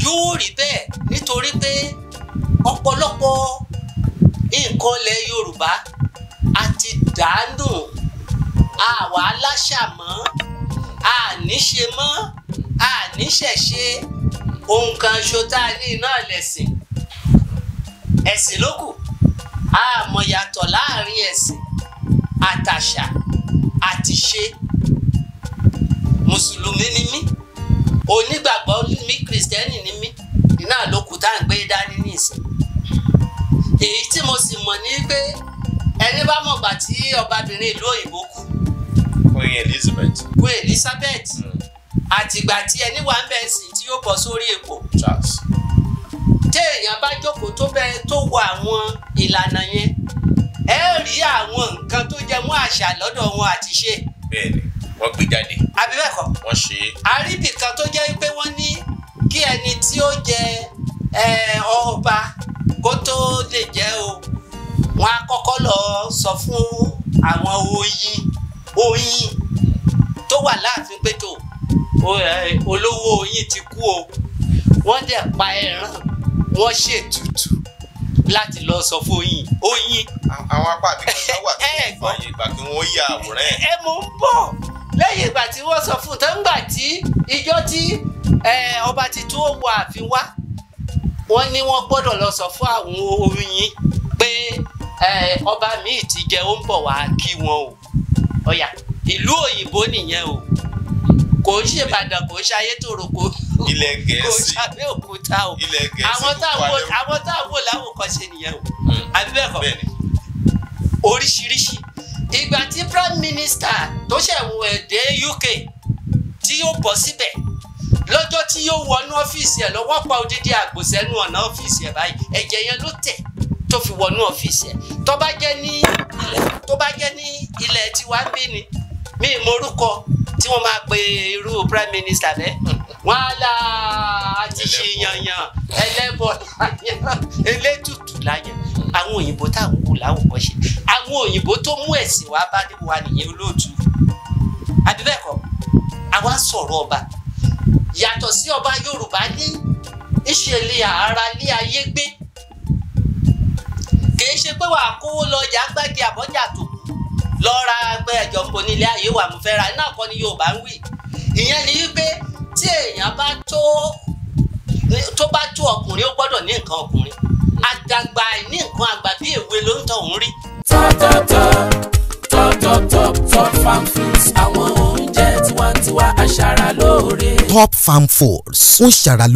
yóò rí bẹ́ẹ̀ nítorí pé ọ̀pọ̀lọpọ̀ nǹkan ilẹ̀ Yorùbá a ti dànù àwa aláṣà mọ́ àníṣe mọ́ àníṣẹ̀ṣe ohun kan ṣo tá a ní náà lẹ̀sìn ẹ̀sìn ló kù àmọ́ yàtọ̀ láàrin ẹ̀sìn àtàṣà àtiṣe mùsùlùmí ni mí onígbàgbọ́ mi kìrìsìtẹ́nì ni mí iná àlòkù tá à ń gbé dání nìsín èyí tí mo sì mọ̀ ní pé ẹni bá mọ̀ gbà tí ọbabìnrin ìlú òyìnbó kú. Queen Elizabeth. Queen Elizabeth àtìgbà tí ẹni wà ń bẹ̀ sìn tí yóò bọ̀ sórí èpò. Charles. téèyàn bá jókòó tó bẹ́ẹ̀ tó wọ àwọn ìlànà yẹn ẹ rí àwọn nǹkan tó jẹ mọ́ àṣà lọ́dọ̀ wọn àti ṣe. bẹ́ẹ̀ni wọ́n gbé jáde. àbí bẹ́ẹ̀ kọ́. wọ́n ṣe é. àríbì kan tó jẹ́ pé wọ́n ní kí ẹni tí ó jẹ ọba kó tó lè jẹ́ o wọ́n á kọ́kọ́ lọ sọ fún àwọn oyin oyin tó wà láàfin pétò olówó oyin ti kú o wọ́n dẹ̀ pa ẹran wọ́n ṣètùtù láti lọ sọ fún oyin oyin. àwọn apá àbíkọ́ wà tó ń fọyín ìgbà kí wọ́n yí àwòrán ẹ̀. ẹ mò ń bọ̀ lẹ́yìn ìgbà tí wọ́n sọ fún tán gbà tí ìjọ tí ọba titun ó wọ ààfin wá wọ́n ní wọ́n gbọ́dọ̀ lọ sọ fún àwọn oyin pé ọba míì ti jẹ ó ń bọ̀ wá kí wọn o ọ̀yà ìlú òyìnbó nìyẹn o kò ń ṣèbàdàn kò ń ṣayé tòrò kò ilẹ̀ gẹ̀ẹ́sì kò ṣàbẹ̀ òkúta o ilẹ̀ gẹ̀ẹ́sì àwọn táwọn láwòkọ́ṣe nìyẹn o hmm. àbí bẹ́ẹ̀ kọ́ oríṣiríṣi ìgbà tí prime minister tó ṣẹ̀ wọ ẹ̀dẹ́ UK tí yóò bọ̀ síbẹ̀ lọ́jọ́ tí yóò wọnú ọ́fíìsì ẹ̀ lọ́wọ́ pa odidi àgbò sẹ́nu ọ̀nà ọ́fíìsì ẹ̀ báyìí ẹ̀jẹ̀ yẹn ló tẹ̀ tó fi wọnú ọ́fíìsì ẹ̀ tó bá jẹ́ ní ilẹ̀ tó bá jẹ́ ní ilẹ̀ tiwa ń bí ni mí morúkọ tí wọ́n máa pe irú prime minister bẹ́ẹ̀ wọ́n á la àti ṣe yanyan ẹlẹ́bọ̀ láyẹn elétùtù láyẹn àwọn òyìnbó táwọn kò láwòkọ́ṣe àwọn òyìnbó tó mú ẹ̀sìn wá bá wa nìyẹn olóòtú àbíbẹ́ẹ̀kọ́ àwa sọ̀rọ̀ ọba yàtọ̀ sí ọba Yorùbá ní ìṣẹ̀lẹ̀ ara ní ayé gbé kìí ṣe pé wàá kówó lọ ọjà gbẹ́gi àbọ́jà tó lọ ra ẹgbẹ́ ẹ̀jọ̀pọ̀ nílé ayé wà mú fẹ́ ra iná kọ́ ni Yorùbá ń wí ìyẹn ni wípé tí èèyàn bá tó tó bá tó ọkùnrin ó gbọ́dọ̀ ní nǹkan ọkùnrin àdàgbà àìní nǹkan àgbà bí èwe ló ń tọ̀hún rí. tọ́tọ̀tọ̀ tọ́tọ̀tọ̀ top farm fruits àwọn ohun tiwa aṣara top farm foods ń ṣara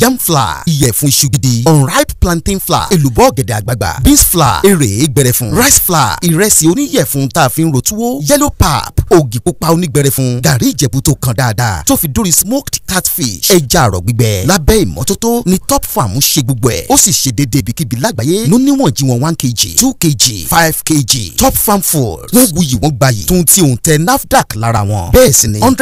yam flour ìyẹ̀fun iṣu gidi unripe plantain flour èlùbọ́ ọ̀gẹ̀dẹ̀ àgbagbà beans flour èrè gbẹrẹfun rice flour ìrẹsì oníyẹ̀fun tá a fi ń rotuwo yellow pap ògì pupa onígbẹrẹfun gàrí ìjẹ̀bú tó kan dáadáa tó fi dórí smoked catfish ẹja àrọ̀ gbígbẹ lábẹ́ ìmọ́tótó ni top farm ń ṣe gbogbo ẹ̀ ó sì ṣe déédéé ibikíbi lágbàáyé ló níwọ̀n jí wọn one kg two kg five kg top farm foods wọ́n wuyì wọ́n gbayì tuntun tí òun tẹ nafdac lára wọn bẹ́ẹ̀ sì ni hundred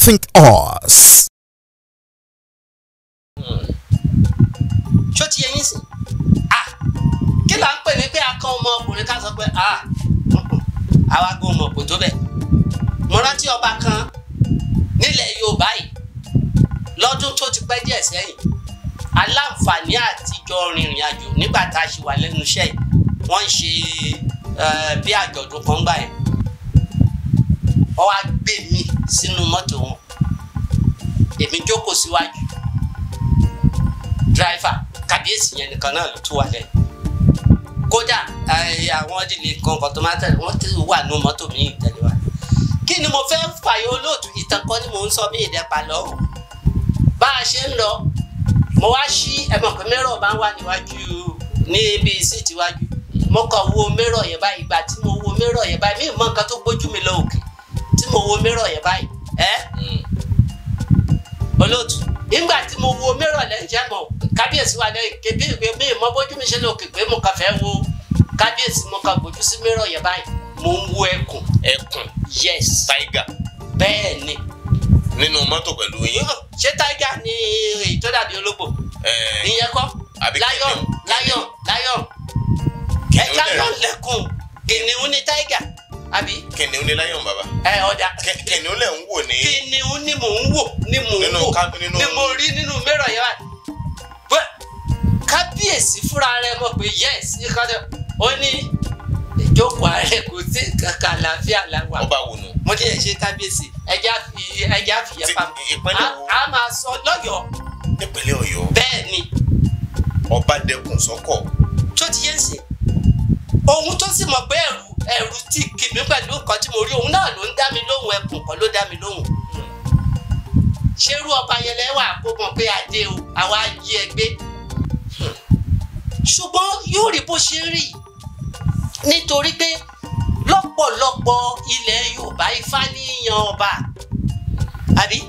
think us. ṣó ti yẹ yín sìn kí là ń pè ní pé akán ọmọ ọkùnrin ká sọ pé àwa gan ọmọ kò tó bẹ́ẹ̀ mo rántí ọba kan nílẹ̀ Yorùbá yìí lọ́dún tó ti pẹ́ díẹ̀ sẹ́yìn aláǹfààní àtijọ́ rìnrìn àjò nígbà tá a ṣì wà lẹ́nu iṣẹ́ yìí wọ́n ń ṣe bí àjọ̀dún kan gbà yẹn ọ wá gbé mi sínú mọ́tò wọn èmi jókòó síwájú dráìfà kàbíyèsí yẹn nìkan náà ló tú wa lẹ́nu kódà eh, àwọn ìdílé kan kan tó máa tẹ̀lé wọ́n ti wà nù mọ́tò mi ìtẹ̀lé wa kí ni mo fẹ́ fàyè olóòtú ìtàn kan ni mò ń sọ bí ìdẹ́pà lọ́wọ́ bá a ṣe ń lọ mo wá ṣí ẹ̀mọ̀ pé mẹ́rọ̀ máa ń wà níwájú níbi síìtì iwájú mo kàn wo mẹ́rọ̀ yẹn báyìí ìgbà tí mo wo mẹ́rọ̀ yẹn báyìí mi mọ nǹkan tó gbójú mi lọ òkè mo wo mérò yẹn báyìí ẹ hmm. olóòtú nígbà tí mo wo mérò lẹ́jẹ̀ mọ̀ kábíyèsí wa lẹ́yìn kébí ìwé mi mọ́ bójú mi ṣe lè òkè pé mo kàn fẹ́ wo kábíyèsí mo kàn gbójú sí mérò yẹn báyìí mo ń wo ẹkùn. ẹkùn yes tiger. bẹ́ẹ̀ ni. nínú mọ́tò pẹ̀lú yín. ṣé tiger ni èyí tó dàbí ológbò. ìyẹn kọ́ lion lion lion ẹ lion lẹ́kùn kìnìún ni tiger àbí. kìnìún ni láyọ̀ bàbá. ẹ ọjà. kìnìún lẹ̀ ń wò ní. kìnìún ni mò ń wò ni mò ń wò ni mo rí nínú mẹ́rọ̀ yẹn wáyé. bẹ́ẹ̀ kábíyèsí fúnra rẹ̀ mọ̀ pé yẹ́sì kọ́tẹ́ ó ní ìjókòó ààrẹ kò sí kankan àlàáfíà làwà. ọba wò nù. mo ní ẹ̀ṣẹ̀ kábíyèsí ẹja fi ẹja fi yẹn pa mọ́ a máa sọ lọ́yọ̀ọ́. nípínlẹ̀ ọ̀yọ́. bẹ́ẹ̀ ni. ọba dẹkùn sọ́kọ̀. tó ti yẹn ṣe ohun tó sì mọ̀ pé ẹ̀rù ẹ̀rù tí kì mí pẹ̀lú nǹkan tí mo rí òun náà ló ń dá mi lóhùn ẹkùn kan ló dá mi lóhùn ṣerú ọba yẹlẹ wà kókan pé adé o àwa yí ẹgbẹ́ ṣùgbọ́n yóò rí bó ṣe ń rí nítorí pé lọ́pọ̀lọpọ̀ ilẹ̀ Yorùbá Ifá ní yan ọba àbí.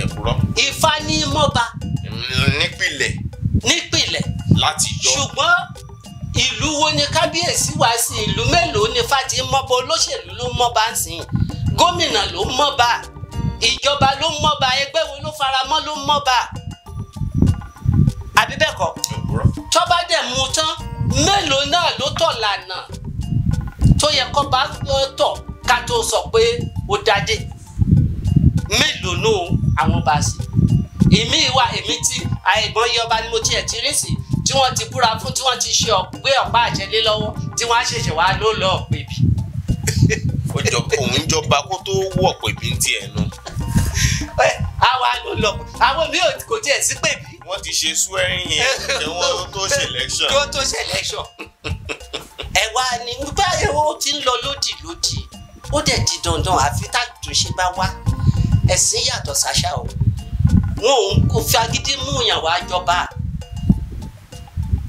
ẹ kúrọ. Ifá ní mọba. nípìlẹ̀. nípìlẹ̀. láti yọ. ṣùgbọ́n ìlú wo ni kábíyèsí wá sí ìlú mélòó ni fati mọba olóṣèlú ló mọba ń sìn gómìnà ló mọba ìjọba ló mọba ẹgbẹ́ wo ló faramọ́ ló mọba àbí bẹ́ẹ̀ kọ́ tọ́ba dẹ̀ mu tán mélòó náà ló tọ̀ lànà tó yẹ kọ́ba tọ̀ ká tó sọ pé ó dáadé mélòó náà àwọn bá sí èmi wà èmi tí àìmọye ọba ni mo tiẹ̀ ti rí sí tí wọ́n ti búra fún tí wọ́n ti ṣe ọ̀gbẹ́ ọ̀pá àṣẹlé lọ́wọ́ tí wọ́n á ṣẹ̀ṣẹ̀ wá ló lọ ọ̀pẹ̀bì. (laughs) òun jọba kó tó wọ ọ̀pẹ̀bì ń tiẹ̀ nu. àwa ló lọ àwọn mi kò tiẹ̀ sí pẹ̀bì. wọ́n ti ṣe swearing yẹn kí tó ṣe (laughs) election. kí tó ṣe election. ẹ wá ní báyìí ó ti ń lọ lódì lódì ó dẹ̀ di dandan àfi tá àtúnṣe bá wá ẹ̀sìn yàtọ̀ sáṣà o wọn ò fagídí mú ìyàwó àjọba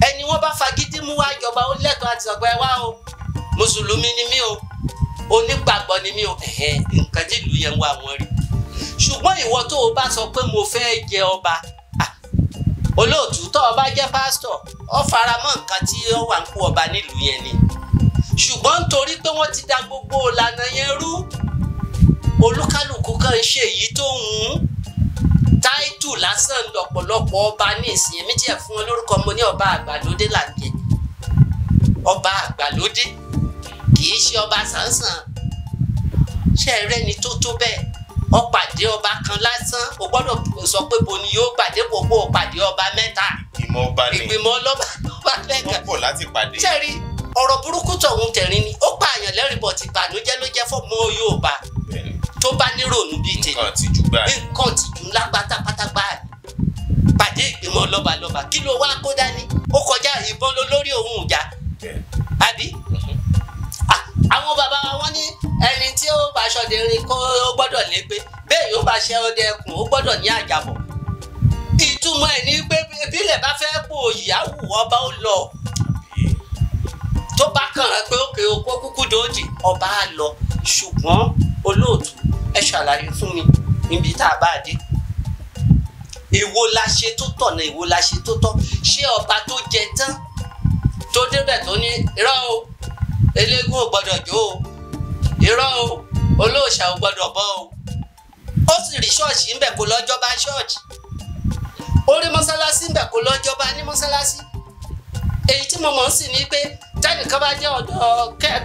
ẹni wọ́n bá fagídí mú wá ìjọba ó lẹ́tọ̀ọ́ àti sọ pé wá o mùsùlùmí ni mí o onígbàgbọ́ ni mí o nǹkan tí ìlú yẹn wà wọ́n rí ṣùgbọ́n ìwọ tó o bá sọ pé mo fẹ́ jẹ ọba olóòtú tó o bá jẹ́ pásítọ̀ ọ fara mọ́ nǹkan tí ó wà ń kú ọba nílùú yẹn ni ṣùgbọ́n nítorí pé wọ́n ti da gbogbo ìlànà yẹn rú olúkálùkù kan ṣe èyí tó ń táìtù lásán lọ́pọ̀lọpọ̀ ọba ní ìsìn èmi díẹ̀ fún wọn lórúkọ mo ní ọba àgbàlódé làgbẹ ọba àgbàlódé kìí ṣe ọba sánsan ṣe rẹni tó tó bẹ́ẹ̀ ọpàdé ọba kan lásán o gbọ́dọ̀ sọ pé bo ni yóò pàdé gbogbo ọpàdé ọba mẹ́ta ìgbìmọ̀ ọba ọba mẹ́ta wọ́n pọ̀ láti pàdé ṣẹrí ọ̀rọ̀ burúkú tọ̀hún tẹrin ni ó pààyàn lẹ́rìnbọ̀ tìbànújẹ́ ló jẹ́ fọmọ Yorùbá tó bá níròònù bíi tèmi nǹkan tìjú gbà nǹkan tìjú ńlá pátápátá gbà pàdé ìgbìmọ̀ lọ́balọ́ba kí ló wá kó dání ó kọjá ìbọn lórí òun ìjà àbí àwọn bàbá wọn ní ẹni tí ó bá aṣọdẹrin kó o gbọ́dọ̀ lépe bẹ́ẹ̀ yóò bá ṣe ọdẹ ẹkùn ó gbọ́dọ̀ ní àjàbọ̀ ìtumọ̀ ẹ̀ ní pé bílẹ̀ bá fẹ́ pò ìyáwó ọba ó lọ tó bá kàn án pé ó kè ó kó kúkú dòójì ọba á lọ ṣùgbọ́n olóòtú ẹ ṣàlàyé fún mi níbi tá a bá dé èwo la ṣe tó tọ̀nà èwo la ṣe tó tọ́ ṣé ọba tó jẹ tán tó débẹ̀ tó ní irọ́ o eléégún ò gbọ́dọ̀ jó o irọ́ o olóòṣà ò gbọ́dọ̀ bọ́ o ó sì rí ṣọ́ọ̀ṣì ńbẹ kó lọ́jọ́ bá ṣọ́ọ̀ṣì ó rí mọ́sálásí ńbẹ kó lọ́jọ́ bá ní mọ́sálásí èyí tí mo mọ̀ ń sìn ni pé tẹ́nìkan bá jẹ́ ọ̀dọ́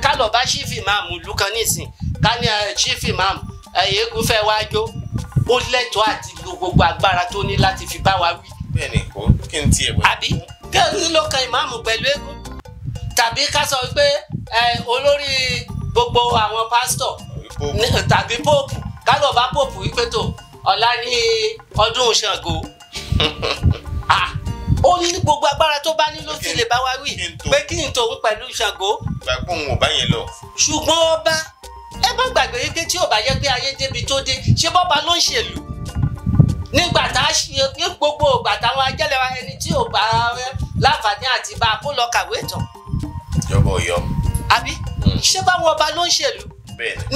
kálọ̀ bá ṣífì máàmù ìlú nísìn ká ní ṣífì máàmù eégún fẹ́ wá jó ó lẹ́tọ̀ọ́ àti gbogbo agbára tó ní láti fi bá wa wí. bẹ́ẹ̀ni kò kí n tiẹ̀ wẹ. àbí kí ló kan ìmáàmù pẹ̀lú eégún tàbí ká sọ pé olórí gbogbo àwọn pásítọ̀ tàbí póòpù ká lọ bá póòpù wípé tó ọ̀la ní ọdún Ṣàngó (laughs) ah, ó ní gbogbo agbára tó bá ní ló fi lè bá wa wí pé kí n tòun pẹ̀lú Ṣàngó. gbàgbọ́n ò bá yẹn lọ. ṣùgbọ́n ọba má gbàgbé wípé tí ò bá yẹ pé ayé débi tó dé ṣé bọ́ba ló ń ṣèlú nígbà tá a ṣe ní gbogbo ìgbà táwọn ajẹ́lẹ̀ wa ẹni tí ò bá láǹfààní àti bá a kó lọ kàwé tán. ìjọba Ọ̀yọ́. àbí hmm. ṣé báwọn ọba ló ń ṣèlú.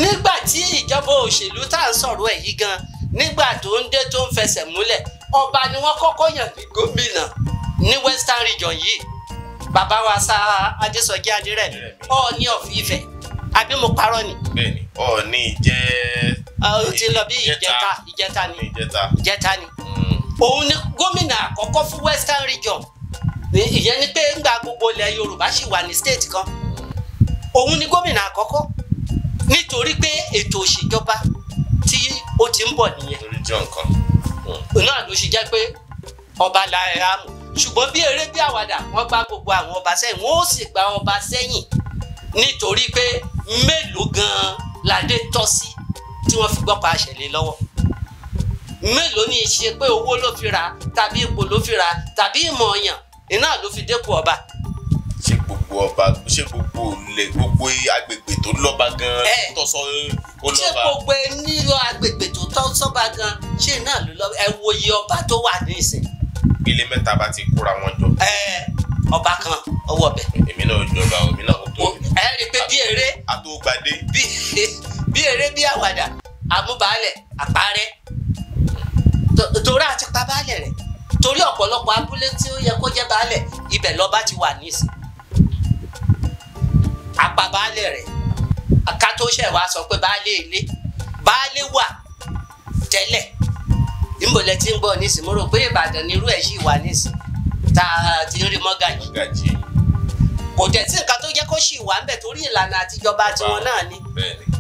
nígbà tí ìjọba òṣèlú tá à ń sọ̀rọ̀ ẹ̀ yìí gan nígbà tó ń dé tó ń fẹsẹ̀ múlẹ̀ ọba ni wọ́n kọ́kọ́ yàn ní gómìnà ní western region yìí bàbá wa sa adésọjí adérẹ̀mí ọọ̀ni of Ifẹ̀ àbí mo parọ́ ni. ọ. ọọ̀ni jẹ́. ó ti lọ bí ìjẹta ìjẹta ni ìjẹta ni hmm. òun ni gómìnà àkọ́kọ́ fún western region ìyẹn ni pé ńgbà gbogbo ilẹ̀ yorùbá sì wà ní state kan òun ni gómìnà àkọ́kọ́ nítorí pé ètò òṣèjọba tí ó ti ń bọ̀ nìyẹn. lórí john kan. náà ló ṣe jẹ́ pé ọba la ẹ̀ ṣùgbọ́n bí eré bí àwàdà wọ́n gba gbogbo àwọn ọba sẹ́yìn wọ́n ó sì gba ọba sẹ́yìn nítorí pé mélòó gan-an ládé tọ́ sí tí wọ́n fi gbọ́pọ̀ àṣẹlẹ̀ lọ́wọ́ mélòó ní í ṣe pé owó ló fi ra tàbí ipò ló fi ra tàbí ìmọ̀ ọ̀yàn iná ló fi dépò ọba. ṣé gbogbo ọba ṣé gbogbo ilẹ̀ gbogbo agbègbè tó lọ́ba gan-an tó sọ ó lọ́ba. ṣé gbogbo nílò agbègbè tó tọ́ sọ́ba gan-an ṣé iná ló lọ́ba ẹ wo iye ọba tó wà ní ìsìn. ilé mẹ́ta bá ti kóra wọn jọ. ẹ ọba kan ọwọ́ bẹ̀. èmi náà jọba èmi náà kò tó. ẹ rí i pé bí eré. àtògbàdé. bí eré bí àwàdà àmúbalẹ̀ àparẹ́ torí àti pa baálẹ̀ rẹ̀ torí ọ̀pọ̀lọpọ̀ abúlé tí ó yẹ kó jẹ́ baálẹ̀ ibẹ̀ lọ́ba ti wà nísìn apá baálẹ̀ rẹ̀ ká tó ṣẹ̀ wá sọ pé baálé ilé baálé wà tẹ́lẹ̀ níbo lẹ ti ń gbọ́ nísìn mo rò pé Ìbàdàn ni irú ẹ̀ yìí wà nísìn tá a ti rí mọ́gàjì kò tẹ̀ sí nǹkan tó jẹ́ kó ṣì wà ń bẹ̀ torí ìlànà àtijọba tiwọn náà ni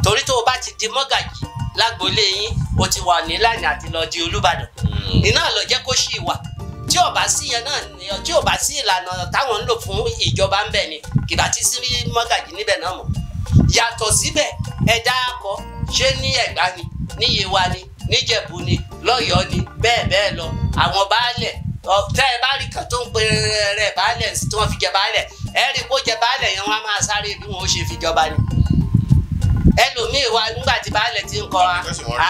torí tó o bá ti di mọ́gàjì lágboolé yín o ti wà nílànà àti lọ di Olúbàdàn hmm. iná lọ jẹ́ kó ṣì wà tí ò bá sí yẹn náà tí ò bá sí ìlànà táwọn ń lò fún ìjọba ń bẹ̀ ni kìbá ti sí mọ́gàjì níbẹ̀ náà mọ̀ yàtọ̀ síbẹ̀ ẹ dáàkọ ṣé ní Ẹ̀gbá ni ní ni níjẹ̀bú ni lọ́yọ̀ọ́ ni bẹ́ẹ̀ bẹ́ẹ̀ lọ àwọn baálẹ̀ tẹ́ ẹ bá rí kan tó ń pe rẹ̀ baálẹ̀ tí wọ́n fi jẹ baálẹ̀ ẹ rí kó jẹ baálẹ̀ yẹn wọ́n á máa sáré bí wọ́n ó ṣe fìjọba ni ẹlòmíì wa nígbà tí baálẹ̀ ti ń kọra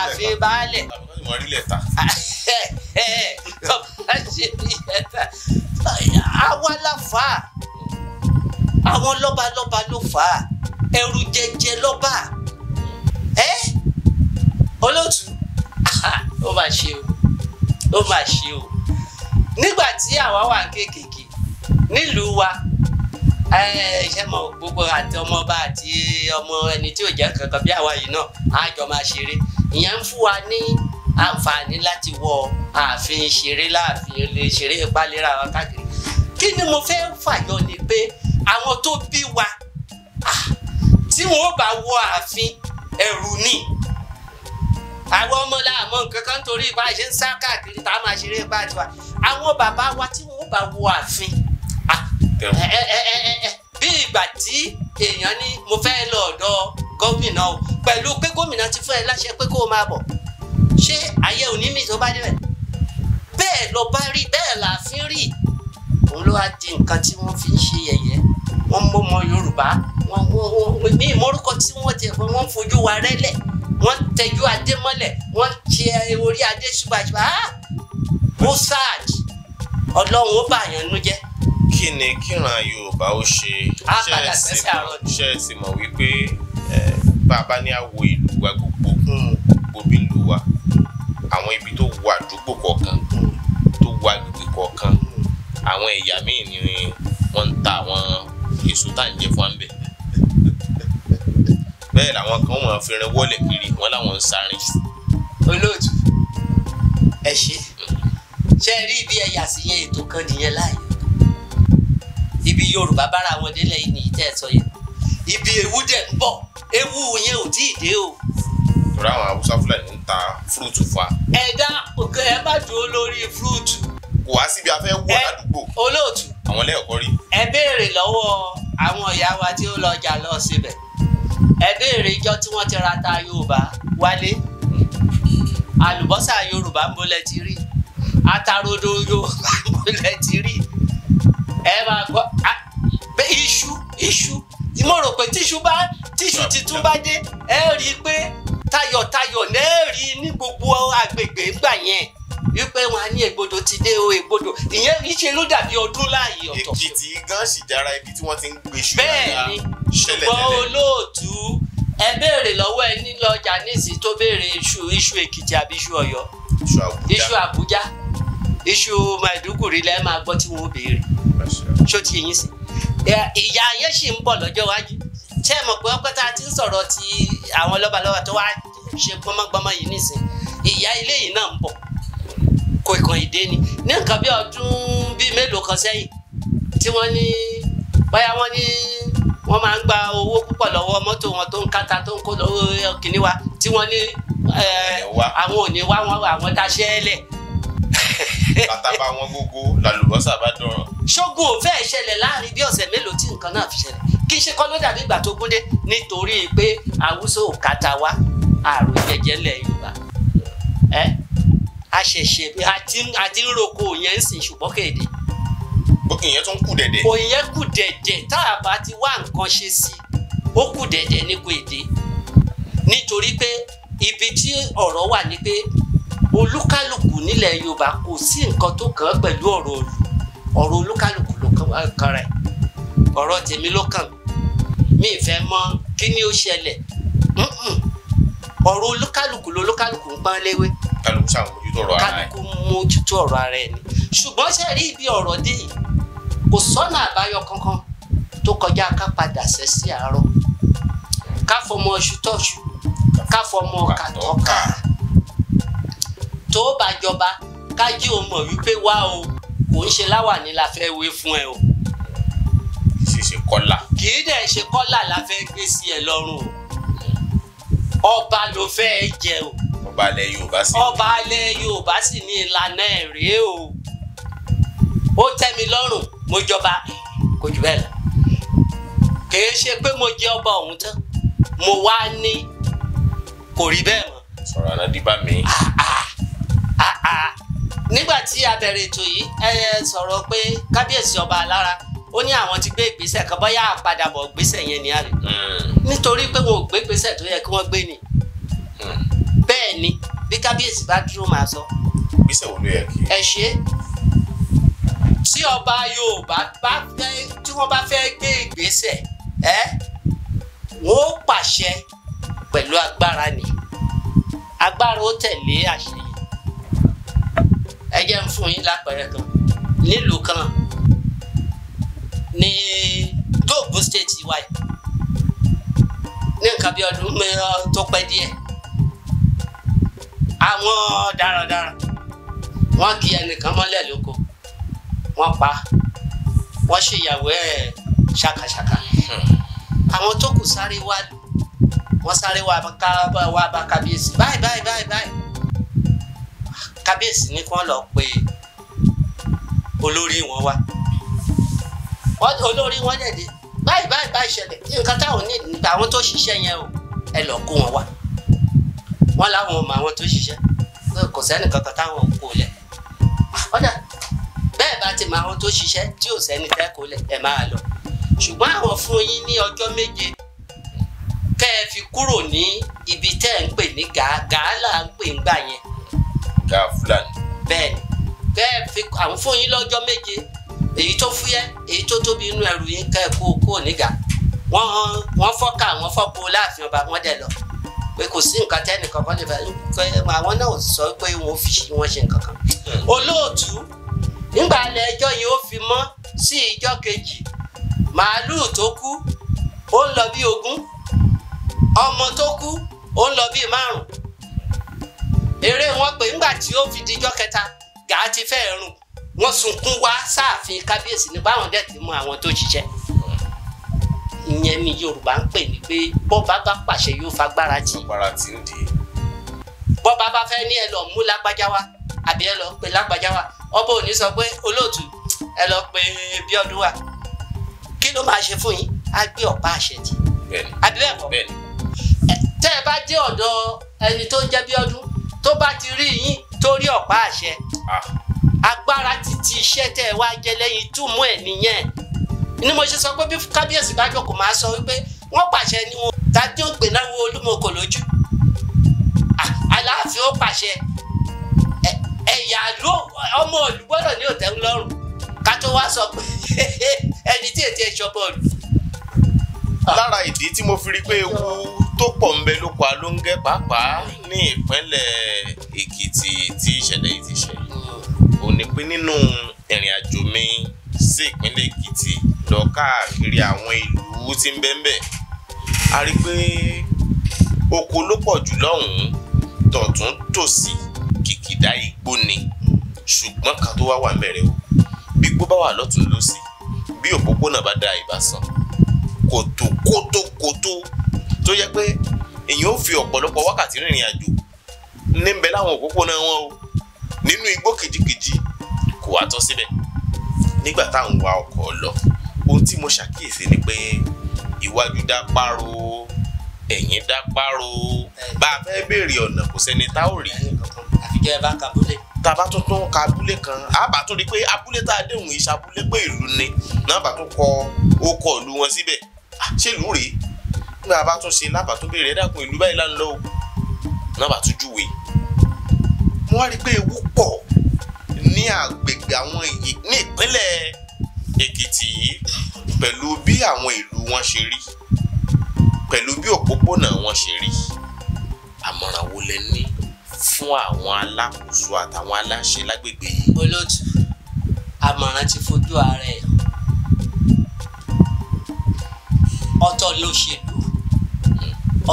àfi baálẹ̀ àwa la fà á àwọn ló fà ẹrù jẹjẹ lọ́ba ẹ olóòtú (laughs) ó máa ṣe o ó máa ṣe o nígbà tí àwa wà kéékèèké nílùú wa iṣẹ́ mọ̀ gbogbo àti ọmọọba àti ọmọ ẹni tí ò jẹ́ kankan bí àwa yìí náà á máa ṣeré ìyẹn ń fún wa ní àǹfààní láti wọ ààfin ṣeré láàfin lè ṣeré ìpalẹ́ra wa káàkiri kí ni mo fẹ́ fàyọ ni pé àwọn tó bí wa tí wọ́n bá wọ ààfin ẹ̀rù ni àwọn ọmọ làmọ́ nǹkan kan torí ipa ṣe ń sá káàkiri tá a máa ṣeré ipá tiwa àwọn bàbá wa tí wọn bá wo ààfin bí ìgbà tí èèyàn ní mo fẹ́ lọ ọ̀dọ̀ gómìnà o pẹ̀lú pé gómìnà ti fún ẹ láṣẹ pé kó o máa bọ̀ ṣé ayé òní mi tó bá débẹ̀ bẹ́ẹ̀ lọ bá rí bẹ́ẹ̀ làáfin rí òun ló wá di nǹkan tí wọ́n fi ń ṣe yẹ̀yẹ́ wọ́n mọ̀ mọ́ Yorùbá wọ́n mí ìmọ̀rúkọ tí wọ́n tiẹ̀ fún wọn fojú wa rẹ́lẹ̀ wọ́n tẹjú adé mọ́lẹ̀ wọ́n ti orí adé ṣùgbàṣùgbà ó ah! sáàjì ọlọ́run ó bàyàn nú jẹ́. kí ni kíran yorùbá ó ṣe ṣe é ti mọ̀ wípé bàbá ní àwo ìlú wa gbogbo kún ìlú wa àwọn ibi tó wo àdúgbò kọ̀ọ̀kan tó wo agbègbè kọ̀ọ̀kan àwọn ẹ̀yà míì ni wọ́n ń ta àwọn èso tá à ń jẹ fún wa ń bẹ́ẹ̀ làwọn kan wọ́n fi rin wọ́lẹ̀ kiri wọ́n láwọn ń sárin. olóòtú ẹ ṣe ṣe rí ibi ẹ̀yà sí yẹn ètò kan nìyẹn láàyò ibi yorùbá bára wọn délẹ̀ yìí nìyí sọ yẹn ibi ewu dẹ̀ ń bọ̀ ewu yẹn ò tí ì dé o. torí àwọn haúsá fúlàní ń ta fúrúùtù fa. ẹ dá òkè ẹ má dúró lórí fúrúùtù. kò wá síbi afẹ́ wọ̀ ládùúgbò. olóòtú àwọn lẹ́yọ̀kọ́ rí. ẹ béèrè lọ́wọ́ àwọn ìyá wa tí ó lọ ọjà lọ síbẹ̀ ẹ béèrè ìjọ tí wọ́n ti ra ta yorùbá wálé àlùbọ́sà yorùbá ń bolẹ̀ ti rí atarodo yorùbá ń bolẹ̀ ti rí ẹ máa gbọ́ pé iṣu iṣu mo rò pé tíṣu bá tíṣu titun bá dé ẹ rí i pé tayọ̀tayọ̀ náà rí i ní gbogbo agbègbè gbà yẹn wípé wà ní ègbodò ti dé o ègbodò ìyẹn ìṣe ló dàbí ọdún láàyè ọ̀tọ̀. èkìtì gan sì dára ibi tí wọ́n ti ń gbé ṣùgbọ́n bẹ́ẹ̀ni ṣùgbọ́n olóòtú ẹ béèrè lọ́wọ́ ẹ nílò ọjà níìsín tó béèrè iṣu iṣu èkìtì àbí iṣu ọ̀yọ́ iṣu àbújá iṣu maiduguri lẹ́ẹ̀ máa gbọ́ tí wọ́n béèrè ṣó ti yín sí ìyá ayé sì ń bọ̀ lọ́jọ́ wájú ṣé ẹ mọ̀ pé ọpẹ́ tá a ti ń sọ̀rọ̀ ti àwọn lọ́balọ́ba tó wá ṣe gbọ́mọgbọ́mọ yìí nísìn ìyá ilé yìí náà ń bọ̀ kó ikàn ìdè ni ní nǹkan bí ọdún bíi mélòó kan sẹ́yìn tí wọ́n ní báyà wọ́n ní wọ́n máa ń gba owó púpọ̀ lọ́wọ́ mọ́tò wọn tó ń kàtà tó ń kó lọ́wọ́ kìnní wa tí wọ́n ní àwọn òní wá wọn eh, àwọn daṣẹ́ lẹ̀. (laughs) bàtà bá wọn gógó làlùbọ́sà bá dọ̀rọ̀. ṣógun ò fẹ́ ṣẹlẹ̀ láàrin bí ọ̀sẹ̀ mélòó tí nǹkan náà fi ṣẹlẹ̀ kí ṣe kọ́ ló dàbí ìgbà tó gúndé nítorí pé àwùsọ kàtà wá àrùn jẹjẹrẹ ilẹ̀ Yorùbá a ṣẹ̀ṣẹ̀ bí a ti ń roko yẹn ń sìn ṣùgbọ́n kéde. ìyẹn tún kù dẹ̀dẹ̀. òyìn kù dẹ̀dẹ̀ tá a bá ti wá nǹkan ṣe sí i ó kù dẹ̀dẹ̀ ní kò èdè nítorí pé ibi tí ọ̀rọ̀ wà ni pé olúkálùkù nílẹ̀ Yorùbá kò sí nǹkan tó kàn án pẹ̀lú ọ̀rọ̀ òlù ọ̀rọ̀ olúkálùkù ló kàn rẹ̀ ọ̀rọ̀ tèmi ló kàn mí ìfẹ́ mọ̀ kí ni ó ṣẹlẹ̀ ọ̀rọ̀ olúkálùkù ló olúkálùkù ń pọ́n léwé. kálukú sáwọn kálukú mójútó ọ̀rọ̀ ara ẹni ṣùgbọ́n ṣe rí ibi ọ̀rọ̀ dé yìí kò sọ́nà àbáyọ kankan tó kọjá ká padà sẹ́ sí àárọ̀ ká fọmọ ọṣù tọ̀ṣù ká fọmọ ọkà tọ́ka tó bá jọba ká jí o mọ̀ wípé wá o kò ń ṣe láwàní la fẹ́ wé fún ẹ o. kì í ṣe kọ́là. kì í dẹ̀ ṣe kọ́là la fẹ́ gbé sí ẹ lọ́rùn o ọba ló fẹ́ jẹ o ọba alẹ yorùbá sì. ọba alẹ yorùbá sì ní ìlànà ẹ̀ rèé o ó tẹ́ mi lọ́rùn mo jọba kò jù bẹ́ẹ̀ lọ kìí ṣe pé mo jẹ ọba ọ̀hún tán mo wá ní kò rí bẹ́ẹ̀ mọ́. sọ̀rọ̀ àná dìbà mi. Ah, ah, ah, nígbà tí a bẹ̀rẹ̀ ètò yìí ẹ sọ̀rọ̀ pé kábíyèsí ọba alára ó ní àwọn ti gbé ìgbésẹ̀ kan bóyá àpadàbọ̀ ìgbésẹ̀ yẹn ni a rè. Hmm. nítorí pé wọn ò gbé ìgbésẹ̀ tó yẹ kí wọ́n gbé ni bẹ́ẹ̀ ni bí kábíyèsí bá dúró máa sọ. ìgbésẹ̀ wo ló yẹ kí. ẹ ṣe tí ọba Yorùbá bá fẹ́ tí wọ́n bá fẹ́ gbé ìgbésẹ̀ ẹ wọ́n ó pàṣẹ pẹ̀lú agbára ni agbára ó tẹ̀lé àṣẹ yìí ẹ jẹ́ ń fún yín lápẹẹrẹ kan nílùú kan ní dóògùn state wa yìí ní nǹkan bí ọdún tó pẹ́ díẹ̀ àwọn darandaran wọ́n kì ẹnìkan mọ́lẹ̀ lóko wọ́n pa wọ́n ṣèyàwó ẹ̀ ṣàkàṣàkà àwọn tó kù sáré wá wọ́n sáré wá bá kábíyèsí báyìí báyìí báyìí báyìí kábíyèsí ni kí wọ́n lọ pe olórí wọn wá olórí wọn dẹ̀ dé báyìí báyìí báyìí ṣẹlẹ̀ nǹkan táwọn ní àwọn tó ṣiṣẹ́ yẹn o ẹ lọ kó wọn wá wọ́n láwọn ọmọ àwọn tó ṣiṣẹ́ kò sẹ́ni kankan táwọn kò lẹ̀ ọ̀dà bẹ́ẹ̀ bá ti mọ àwọn tó ṣiṣẹ́ tí ò sẹ́ni tẹ́ kò lẹ̀ ẹ̀ máa lọ ṣùgbọ́n àwọn fún yín ní ọjọ́ méje kẹ́ ẹ fi kúrò ní ibi tẹ́ ẹ̀ ń pè ní gàálà ń pè ń gbà yẹn. gàá fúlàní. bẹ́ẹ̀ ni kẹ́ ẹ fi àwọn fún yín lọ́jọ́ méje èyí tó fúyẹ́ èyí tó tóbi inú ẹrù yín kẹ́ ẹ kó kó nígà wọ́n wọ́n fọ́ka wọ́n fọ́po láàfin ọba wọ́n dẹ̀ lọ pé kò sí nǹkan tẹ́nìkan kan lè fẹ́ àwọn náà sọ pé wọ́n fi wọ́n ṣe nǹkan kan hmm. olóòtú nígbà alẹ́ ẹjọ́ yìí ó fi mọ́ sí ìjọ́ kejì màálùú tó kú ó ń lọ bí ogún ọmọ tó kú ó ń lọ bí márùn eré wọn pé ńgbà tí ó fi dijọ́ kẹta gàá ti fẹ́ rùn wọ́n sunkún wá sáàfin kábíyèsí ní báwọn dẹ̀ ti mú àwọn tó ṣiṣẹ́ ìyẹn ni yorùbá ń pè ní pé bọ́ba bá pàṣẹ yóò fagbára tì. fagbára tì ń di. bọ́ba bá fẹ́ ní ẹ lọ mú lágbájá wa àbí ẹ lọ pe lágbájá wa ọba ò ní sọ pé olóòtú ẹ lọ pe bíọ́dún wa kí ló máa ṣe fún yín á gbé ọ̀pá àṣẹ tì. àbí bẹ́ẹ̀ kọ́ tẹ́ ẹ bá dé ọ̀dọ̀ ẹni tó ń jẹ́ bíọ́dún tó bá ti rí yín tó rí ọ̀pá àṣẹ ah. agbára títí iṣẹ́ tẹ́ ẹ wá jẹ lẹ́yìn túmọ̀ ẹ̀ nìyẹn ni mo ṣe sọ pé bí kábíyèsí bá jókòó máa sọ wípé wọ́n pàṣẹ ni wọn dájú ògbé náà wo olúmọkò lójú aláàfin ó pàṣẹ ẹ̀yà ló ọmọ òlù gbọ́dọ̀ ní òtẹ́ ńlọ́rùn ká tó wá sọ pé (laughs) ẹni tí ètí ìṣọ́bọ̀ òlù. lára ìdí tí mo fi rí pé ewu tó pọ̀ ń bẹ ló pa ló pàápàá ní ìpínlẹ̀ Èkìtì tí ìṣẹ̀lẹ̀ yìí ti ṣe òun ni pé nínú ìrìn àjò mi sí ìpínlẹ̀ Èkìtì ọ̀dọ́ káàkiri àwọn ìlú tí ń bẹ́ńbẹ́ a rí i pé oko ló pọ̀ jù lọ́hùn-ún tọ̀tún tòsí kìkìdá igbó ni ṣùgbọ́n kan tó wá wà mẹ́rẹ̀ o bí igbó bá wà lọ́tún lọ́sí bí òpópónà bá da ìbásàn kòtò kótó kótó tó yẹ pé èèyàn ó fi ọ̀pọ̀lọpọ̀ wákàtí rìnrìn àjò níbẹ̀ láwọn òpópónà wọn o nínú igbó kìjikìji kò wá tọ́ síbẹ̀ nígbà táwọn wa ọkọ̀ lọ ohun tí mo ṣàkíyèsí ni pé iwájú dá páro ẹ̀yìn dá páro bá a fẹ́ béèrè ọ̀nà kò sẹ́ni tá ò rí. àfikẹ́ bá kabúlé. tá a bá tún tún kabúlé kan a bá tún rí i pé abúlé tá a déhùn yìí ṣabúlé pé ìlú ni náà bá tún kọ ó ìlú wọn síbẹ̀ ṣé ìlú rèé nígbà bá tún ṣe lábàá tó béèrè ẹ̀dàkùn ìlú báyìí láńlọ́ o náà bá tún júwe. mo rí i pé ewu pọ̀ ní àgbègbè àwọn ní ìpínlẹ̀ Èkìtì yìí pẹ̀lú bí àwọn ìlú wọn ṣe rí pẹ̀lú bí òpópónà wọn ṣe rí àmọ̀ràn wo lẹ ní fún àwọn alákòóso àtàwọn aláṣẹ lágbègbè yìí. olóòtú àmọ̀ràn ti fojú ara ẹ̀ ọ̀tọ̀ lóṣèlú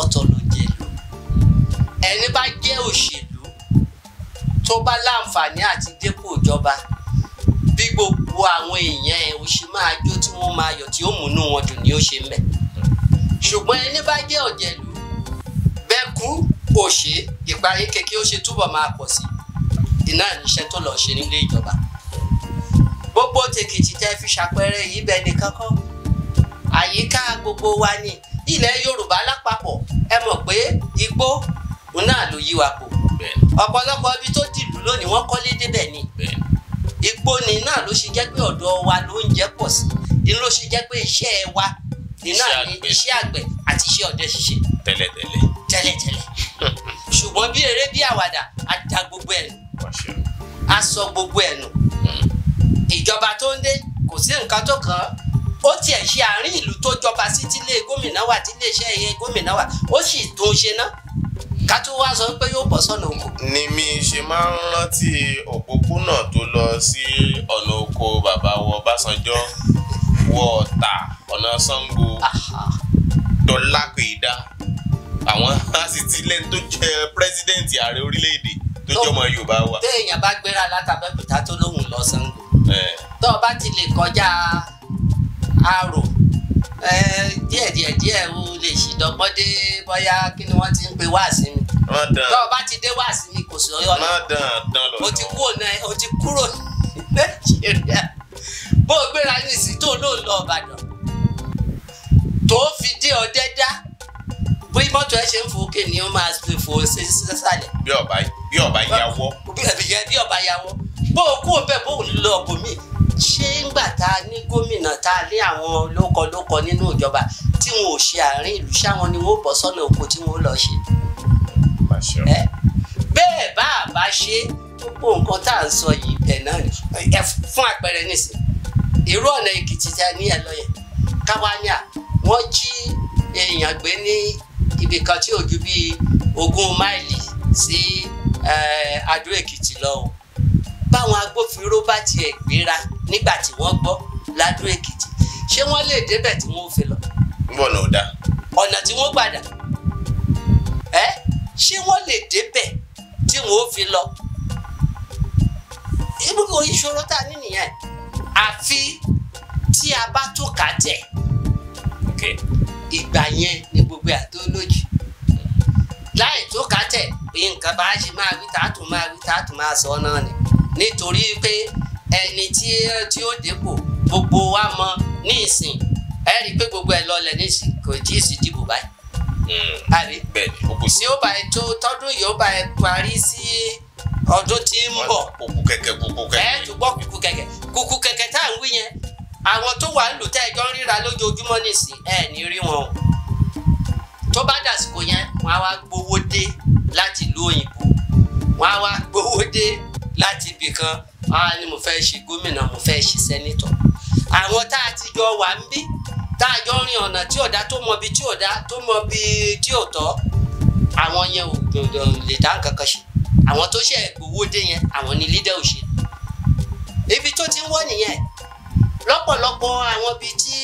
ọ̀tọ̀ ló jẹ̀lú ẹni bá jẹ́ òṣèlú tó bá láǹfààní àti dépò ìjọba bí gbogbo àwọn èèyàn ẹ̀ ò ṣe máa jó tí wọ́n máa yọ̀ tí ó múnú wọn dùn ni ó ṣe mẹ́ ṣùgbọ́n ẹni bá jẹ́ ọ̀jẹ̀lú bẹ́ẹ̀ kú òṣè ìparí kẹ̀kẹ́ ó ṣe túbọ̀ máa pọ̀ sí iná ìníṣẹ́ tó lọ ṣe nílé ìjọba gbogbo tèkìtì tẹ́ fi ṣàpẹẹrẹ yìí bẹ́ẹ̀ ni kankan àyíká gbogbo wa ni ilẹ̀ Yorùbá lápapọ̀ ẹ mọ̀ pé igbó òun náà ló yí wa pọ̀ ọ̀pọ̀lọpọ̀ ibi tó dìlú lónìí wọ́n kọ́lé débẹ̀ ni. Bẹ́ẹ̀ ìgbóni náà ló ṣe jẹ́ pé ọ̀dọ̀ wa ló ń jẹ́ pọ̀ sí i ló ṣe jẹ́ pé iṣẹ́ wa náà ni iṣẹ́ àgbẹ̀ àti iṣẹ́ ọdẹ ṣíṣe. tẹ́lẹ̀tẹ́lẹ̀. tẹ́lẹ̀tẹ́lẹ̀ ṣùgbọ́n bí eré bí àwàdà a da gbogbo ẹ̀ nù a sọ gbogbo ẹ̀ nù hmm. ìjọba tó ń dé kò sí nǹkan tó kàn án ó tiẹ̀ ṣe àárín ìlú tó jọba sí tílé gómìnà wà tílé iṣẹ́ iye gómìnà wà ó sì tún ṣe náà ká tó wá sọ pé yóò bọ́ sọ́nà oko. ni mi ṣe máa ń rántí òpópónà tó lọ sí ọ̀nà oko bàbá wọ Ọbásanjọ́ wọ Ọ̀tà ọ̀nà Ṣàngó Dọlápèédá àwọn asìtìlẹ́ni tó jẹ́ pírẹ́sídẹ́ǹtì ààrẹ orílẹ̀-èdè tó jọmọ Yorùbá wa. téèyàn bá gbéra látàbẹ́kúta tó lóhùn lọ Ṣàngó tó o bá ti lè kọjá àrò díẹ̀ díẹ̀ díẹ̀ o lè ṣì dọ́gbọ́n dé bóyá kí ni wọ́n ti ń pe wáàsí mi. tó o bá ti dé wáàsí mi kò sí ọyọ́ náà o ti kúrò náà o ti kúrò nàìjíríà bó o gbéra ní ìsìn tó lóun lọ ọ̀bàdàn tó fi dé ọdẹ dá bí mọ́tò ẹ ṣe ń fò ókè ni ó máa fi fò ó ṣe sísàlẹ̀. bí ọba bí ọba yàwọ. bí ọba yàwọ bó o kú o bẹ bó o lọ bòmí ṣé ń gbà ta ní gómìnà àwọn lóko lóko nínú ìjọba tí wọn ò ṣe àárín ìlú ṣáwọn ni wọn ò bọ́ sọ́nà oko tí wọn ò lọ ṣe. bẹ́ẹ̀ bá a bá ṣe gbogbo nǹkan tá à ń sọ yìí bẹ́ẹ̀ náà ni fún àpẹẹrẹ nìsín irú ọ̀nà èkìtì tí a ní ẹ̀ lọ́yẹ̀ káwáníà wọ́n jí èèyàn gbé ní ibì kan tí ò bíi ogún máìlì sí adó èkìtì lọ o báwọn agbófinró bá tiẹ̀ gbéra nígbà tí wọ́n gbọ́ ládó èkìtì ṣé wọ́n lè débẹ̀ tí wọ́n fi lọ. ń bọ̀ ní ọ̀dà. ọ̀nà tí wọ́n gbàdà ẹ́ ṣé wọ́n lè débẹ̀ tí wọ́n fi lọ. ibùdó ìṣòro tá a ní nìyẹn àfi tí a bá tún kà jẹ ìgbà yẹn ni gbogbo àtọ́lójì láì tó kà tẹ̀ pé nǹkan bá ṣe máa wí tá a tún máa wí tá a tún máa sọ náà ni nítorí pé ẹni tí ó dépò gbogbo wa mọ̀ ní ìsìn ẹ rí i pé gbogbo ẹ lọlẹ̀ ní ìsìn kò jí ìsìn dìbò báyìí. Hmm. àbí tí ó bá ẹ tó tọdún yìí ó bá ẹ parí sí ọdún tí ń bọ̀ kúkú kẹ̀kẹ́ kúkú kẹ̀kẹ́ ẹ tó gbọ́ kúkú kẹ̀kẹ́ kúkú kẹ̀kẹ́ tá à ń wí yẹn àwọn tó wà ń lò tá ẹjọ́ ń ríra lójoojúmọ́ nìsín ẹ ní rí wọn o tó bá dàsìkò yẹn wọn á wá gbowó dé láti ìlú òyìnbó wọn á wá gbowó dé láti ibì kan a ní mo fẹ́ ṣe gómìnà mo fẹ́ ṣe sẹ́nitọ̀ àwọn tá a ti jọ wà ń bí tá a jọ rìn ọ̀nà tí ò dá tó mọ bí tí ò dá tó mọ bí tí ò tọ́ àwọn yẹn ò lè dá nǹkan kan ṣe àwọn tó ṣe gbowó dé yẹn àwọn ni lídà ò ṣe ibi tó ti ń wọ́ nìyẹn lọ́pọ̀lọpọ̀ àwọn ibi tí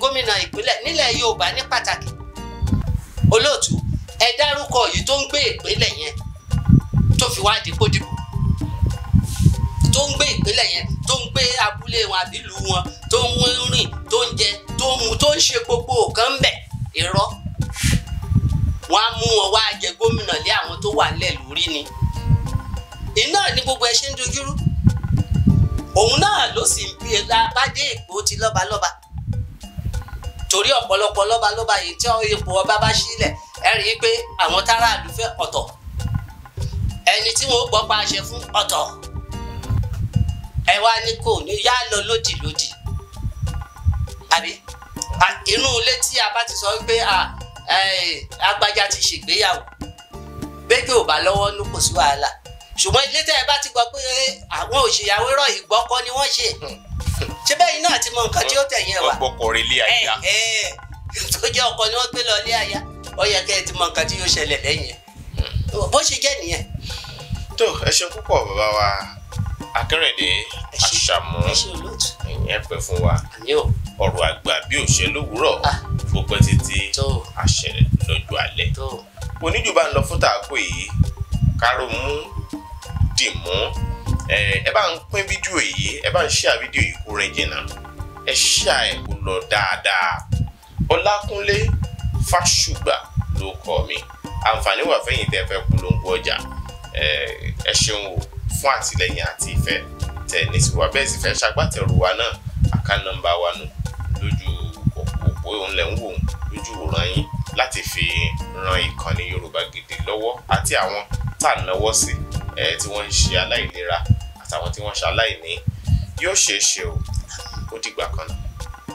gómìnà ìpínlẹ̀ nílẹ̀ Yorùbá ní pàtàkì olóòtú ẹ dárúkọ yìí tó ń gbé ìpínlẹ̀ yẹn tó fi wá dìpọ́dìpọ́ tó ń gbé ìpínlẹ̀ yẹn tó ń gbé abúlé wọn àbí ìlú wọn tó ń rìn tó ń jẹ tó ń mu tó ń ṣe gbogbo nǹkan bẹ̀ irọ́ wọn á mú wọn wá jẹ gómìnà lé àwọn tó wà nílẹ̀ lórí ni iná ní gbogbo ẹ ṣe ń dojúrú òun náà ló sì ń bí lábàdé èpò ti lọ́balọ́ba torí ọ̀pọ̀lọpọ̀ lọ́balọ́ba yìí tí ipò ọba bá sílẹ̀ ẹ rí i pé àwọn táráàlú fẹ́ ọ̀tọ̀ ẹni tí wọn ó gbọ́ pa àṣẹ fún ọ̀tọ̀ ẹ wá ní kò ní yá lọ lòdì lòdì àbí inú ilé tí a bá ti sọ wípé agbájá ti ṣègbéyàwó gbégbé ò bá lọ́wọ́ ló kò sí wàhálà ṣùgbọ́n ilé tẹ́ ẹ bá ti gbọ́ pé àwọn òṣèyàwó rọ̀ ìgbọ́kọ́ ni wọ́n ṣe hmm. ṣé bẹ́ẹ̀ náà ti mọ nǹkan tí ó tẹ̀yìn wa. ọgbọkọrin ilé aya. tó jẹ́ ọkọ ni wọ́n gbé lọ ilé aya ó yẹ kẹ́ ẹ ti mọ nǹkan tí yóò ṣẹlẹ̀ lẹ́yìn ẹ̀ hmm. bó ṣe jẹ́ nìyẹn. tó ẹ ṣe púpọ̀ bàbá wa akérèdé àṣàmú ẹ pẹ́ fún wa ọ̀rọ̀ àgbà bí òṣè lówùúrọ̀ gbogbo ah. títí àṣẹ lọ́jọ́ alẹ́ oníjù bá ń lọ fún tààkó yìí kárò mú dì mú ẹ bá ń pín fídíò yìí ẹ bá ń ṣíà fídíò yìí kó rìn jìnnà ẹ ṣíà ẹ kó lọ dáadáa ọlákúnlé fásùgbà ló kọ mi àǹfààní wà fẹ́yìntì ẹ fẹ́ polongo ọjà ẹ ṣeun o fún àtìlẹ́yìn àti ìfẹ́ tẹ̀ ní tiwa bẹ́ẹ̀ sì fẹ́ ṣagbátẹrù wa náà àkáǹtì nọ́mbà wa nù lójú òpó ńlẹ̀ ń wò lójú òràn yín láti fi ran ìkànnì Yorùbá Gidi lọ́wọ́ àti àwọn tá à ń náwó sí ẹ̀ tí wọ́n ń ṣe aláìlera àtàwọn tí wọ́n ṣe aláìní yóò ṣeé ṣe o ó dìgbà kan náà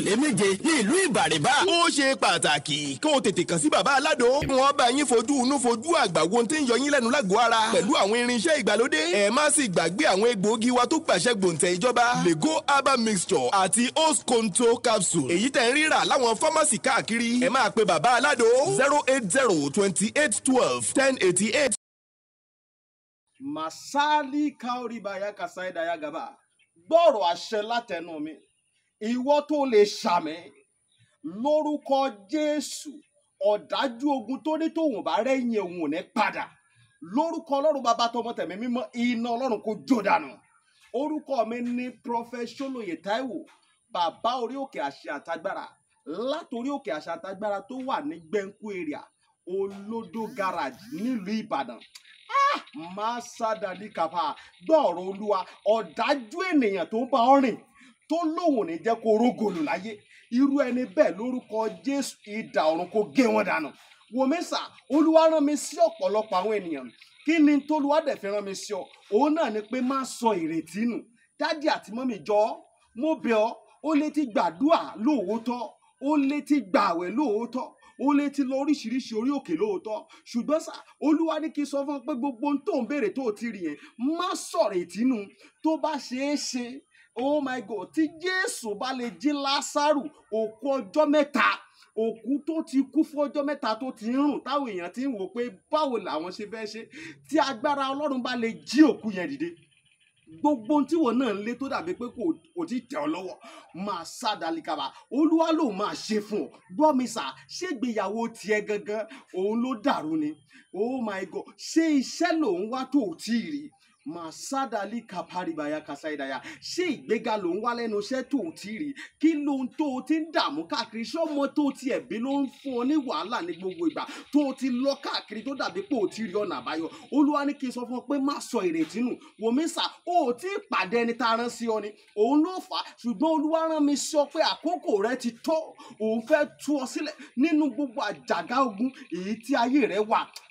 méje ní ìlú ìbàrìbà. ó ṣe pàtàkì kó o tètè kàn sí bàbá aládò. wọ́n bá yín fojú inú fojú àgbà wo tí ń yọ yín lẹ́nu lágọ̀ọ́ ara. pẹ̀lú àwọn irinṣẹ́ ìgbàlódé. ẹ má sì gbàgbé àwọn egbòogi wa tó gbàṣẹ gbòǹtẹ̀ ìjọba. lego herbal mixture àti host control capsule. èyí tẹ̀ ń rírà láwọn fámásì káàkiri. ẹ máa pe bàbá aládò. zero eight zero twenty eight twelve ten eighty eight. masali kaori bayaka saida yagaba gbọ́rọ̀ àṣẹ látẹnu mi ìwọ tó lè ṣàmì lórúkọ Jésù ọ̀dájú ogun tó ní tòun bá rẹ́yìn òun ò ní padà lórúkọ ọlọ́run bàbá tọmọ tẹ̀mí mímọ́ iná ọlọ́run kò jó dànù orúkọ mi ní prọfẹsọlóye Táíwò bàbá orí òkè àṣẹ àtagbára látòrí òkè àṣẹ àtagbára tó wà ní gbẹ̀ǹkú area olódó garage nílùú Ìbàdàn ah! máa sádà ní kàfà gbọ́ ọ̀rọ̀ olúwa ọ̀dájú ènìyàn tó bá ọ tó lóun ò ní jẹ́ kó rógòlù láyé irú ẹni bẹ́ẹ̀ lórúkọ Jésù idà ọ̀run kó gé wọn dànù wò mí sà olúwa rán mi sí ọ̀pọ̀lọpọ̀ àwọn ènìyàn kí ni tólúwa dẹ̀ fi rán mi sí ọ òun náà ni pé má sọ ìrètí nù dádì àti mọ́mì jọ ọ́ mo bẹ̀ ọ́ ó lè ti gbàdúà lóòótọ́ ó lè ti gbààwẹ̀ lóòótọ́ ó lè ti lọ oríṣiríṣi orí òkè lóòótọ́ ṣùgbọ́n sà olúwa ní kí n sọ fún ọ pé gbogbo ohun tó ń béèrè tó ti rí yẹn má sọ̀rètí nù tó bá ṣeé ṣe oh my god tí jésù bá lè jí lásàrù òkú ọjọ́ mẹ́ta òkú tó ti kú fọ́jọ́ mẹ́ta tó ti ń rùn táwọn èèyàn ti ń wò pé báwo làwọn ṣe fẹ́ ṣe tí agbára ọlọ́run bá lè jí òkú yẹn dìde gbogbo ohun tíwọ náà ń lé tó dàbí pé kò tí tẹ̀ ọ́ lọ́wọ́ máa sá dalikaba olúwa ló máa ṣe fún ọ gbọ́ mi sà ṣégbéyàwó tiẹ̀ gangan òun ló dàrú ni oh my god ṣé iṣẹ́ lòun wá tó ò tí ì rí màsádàlì kàpárìbàyà kàsáìdàyà ṣé ìgbéga ló ń wá lẹ́nu iṣẹ́ tó ti rí kí ló ń tó o ti ń dààmú káàkiri ṣé ọmọ tó ti ẹ̀bí ló ń fún ọ ní wàhálà ní gbogbo ìgbà tó o ti lọ káàkiri tó dàbí pé o ti rí ọ̀nà àbáyọ olúwa ní kí n sọ fún ọ pé má sọ ìrètí nù wòmí o ò tí ì pàdé ẹni tá a rán sí ọ ni òun ló fà á ṣùgbọ́n olúwa rán mi sọ pé àkókò rẹ ti tó òun fẹ́ tú ọ sílẹ̀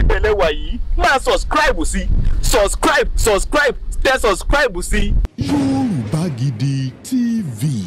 ìbẹ̀lẹ̀ wà yìí máa subscribe sí subscribe subscribe tẹ subscribe sí. Yorùbá Gidi TV.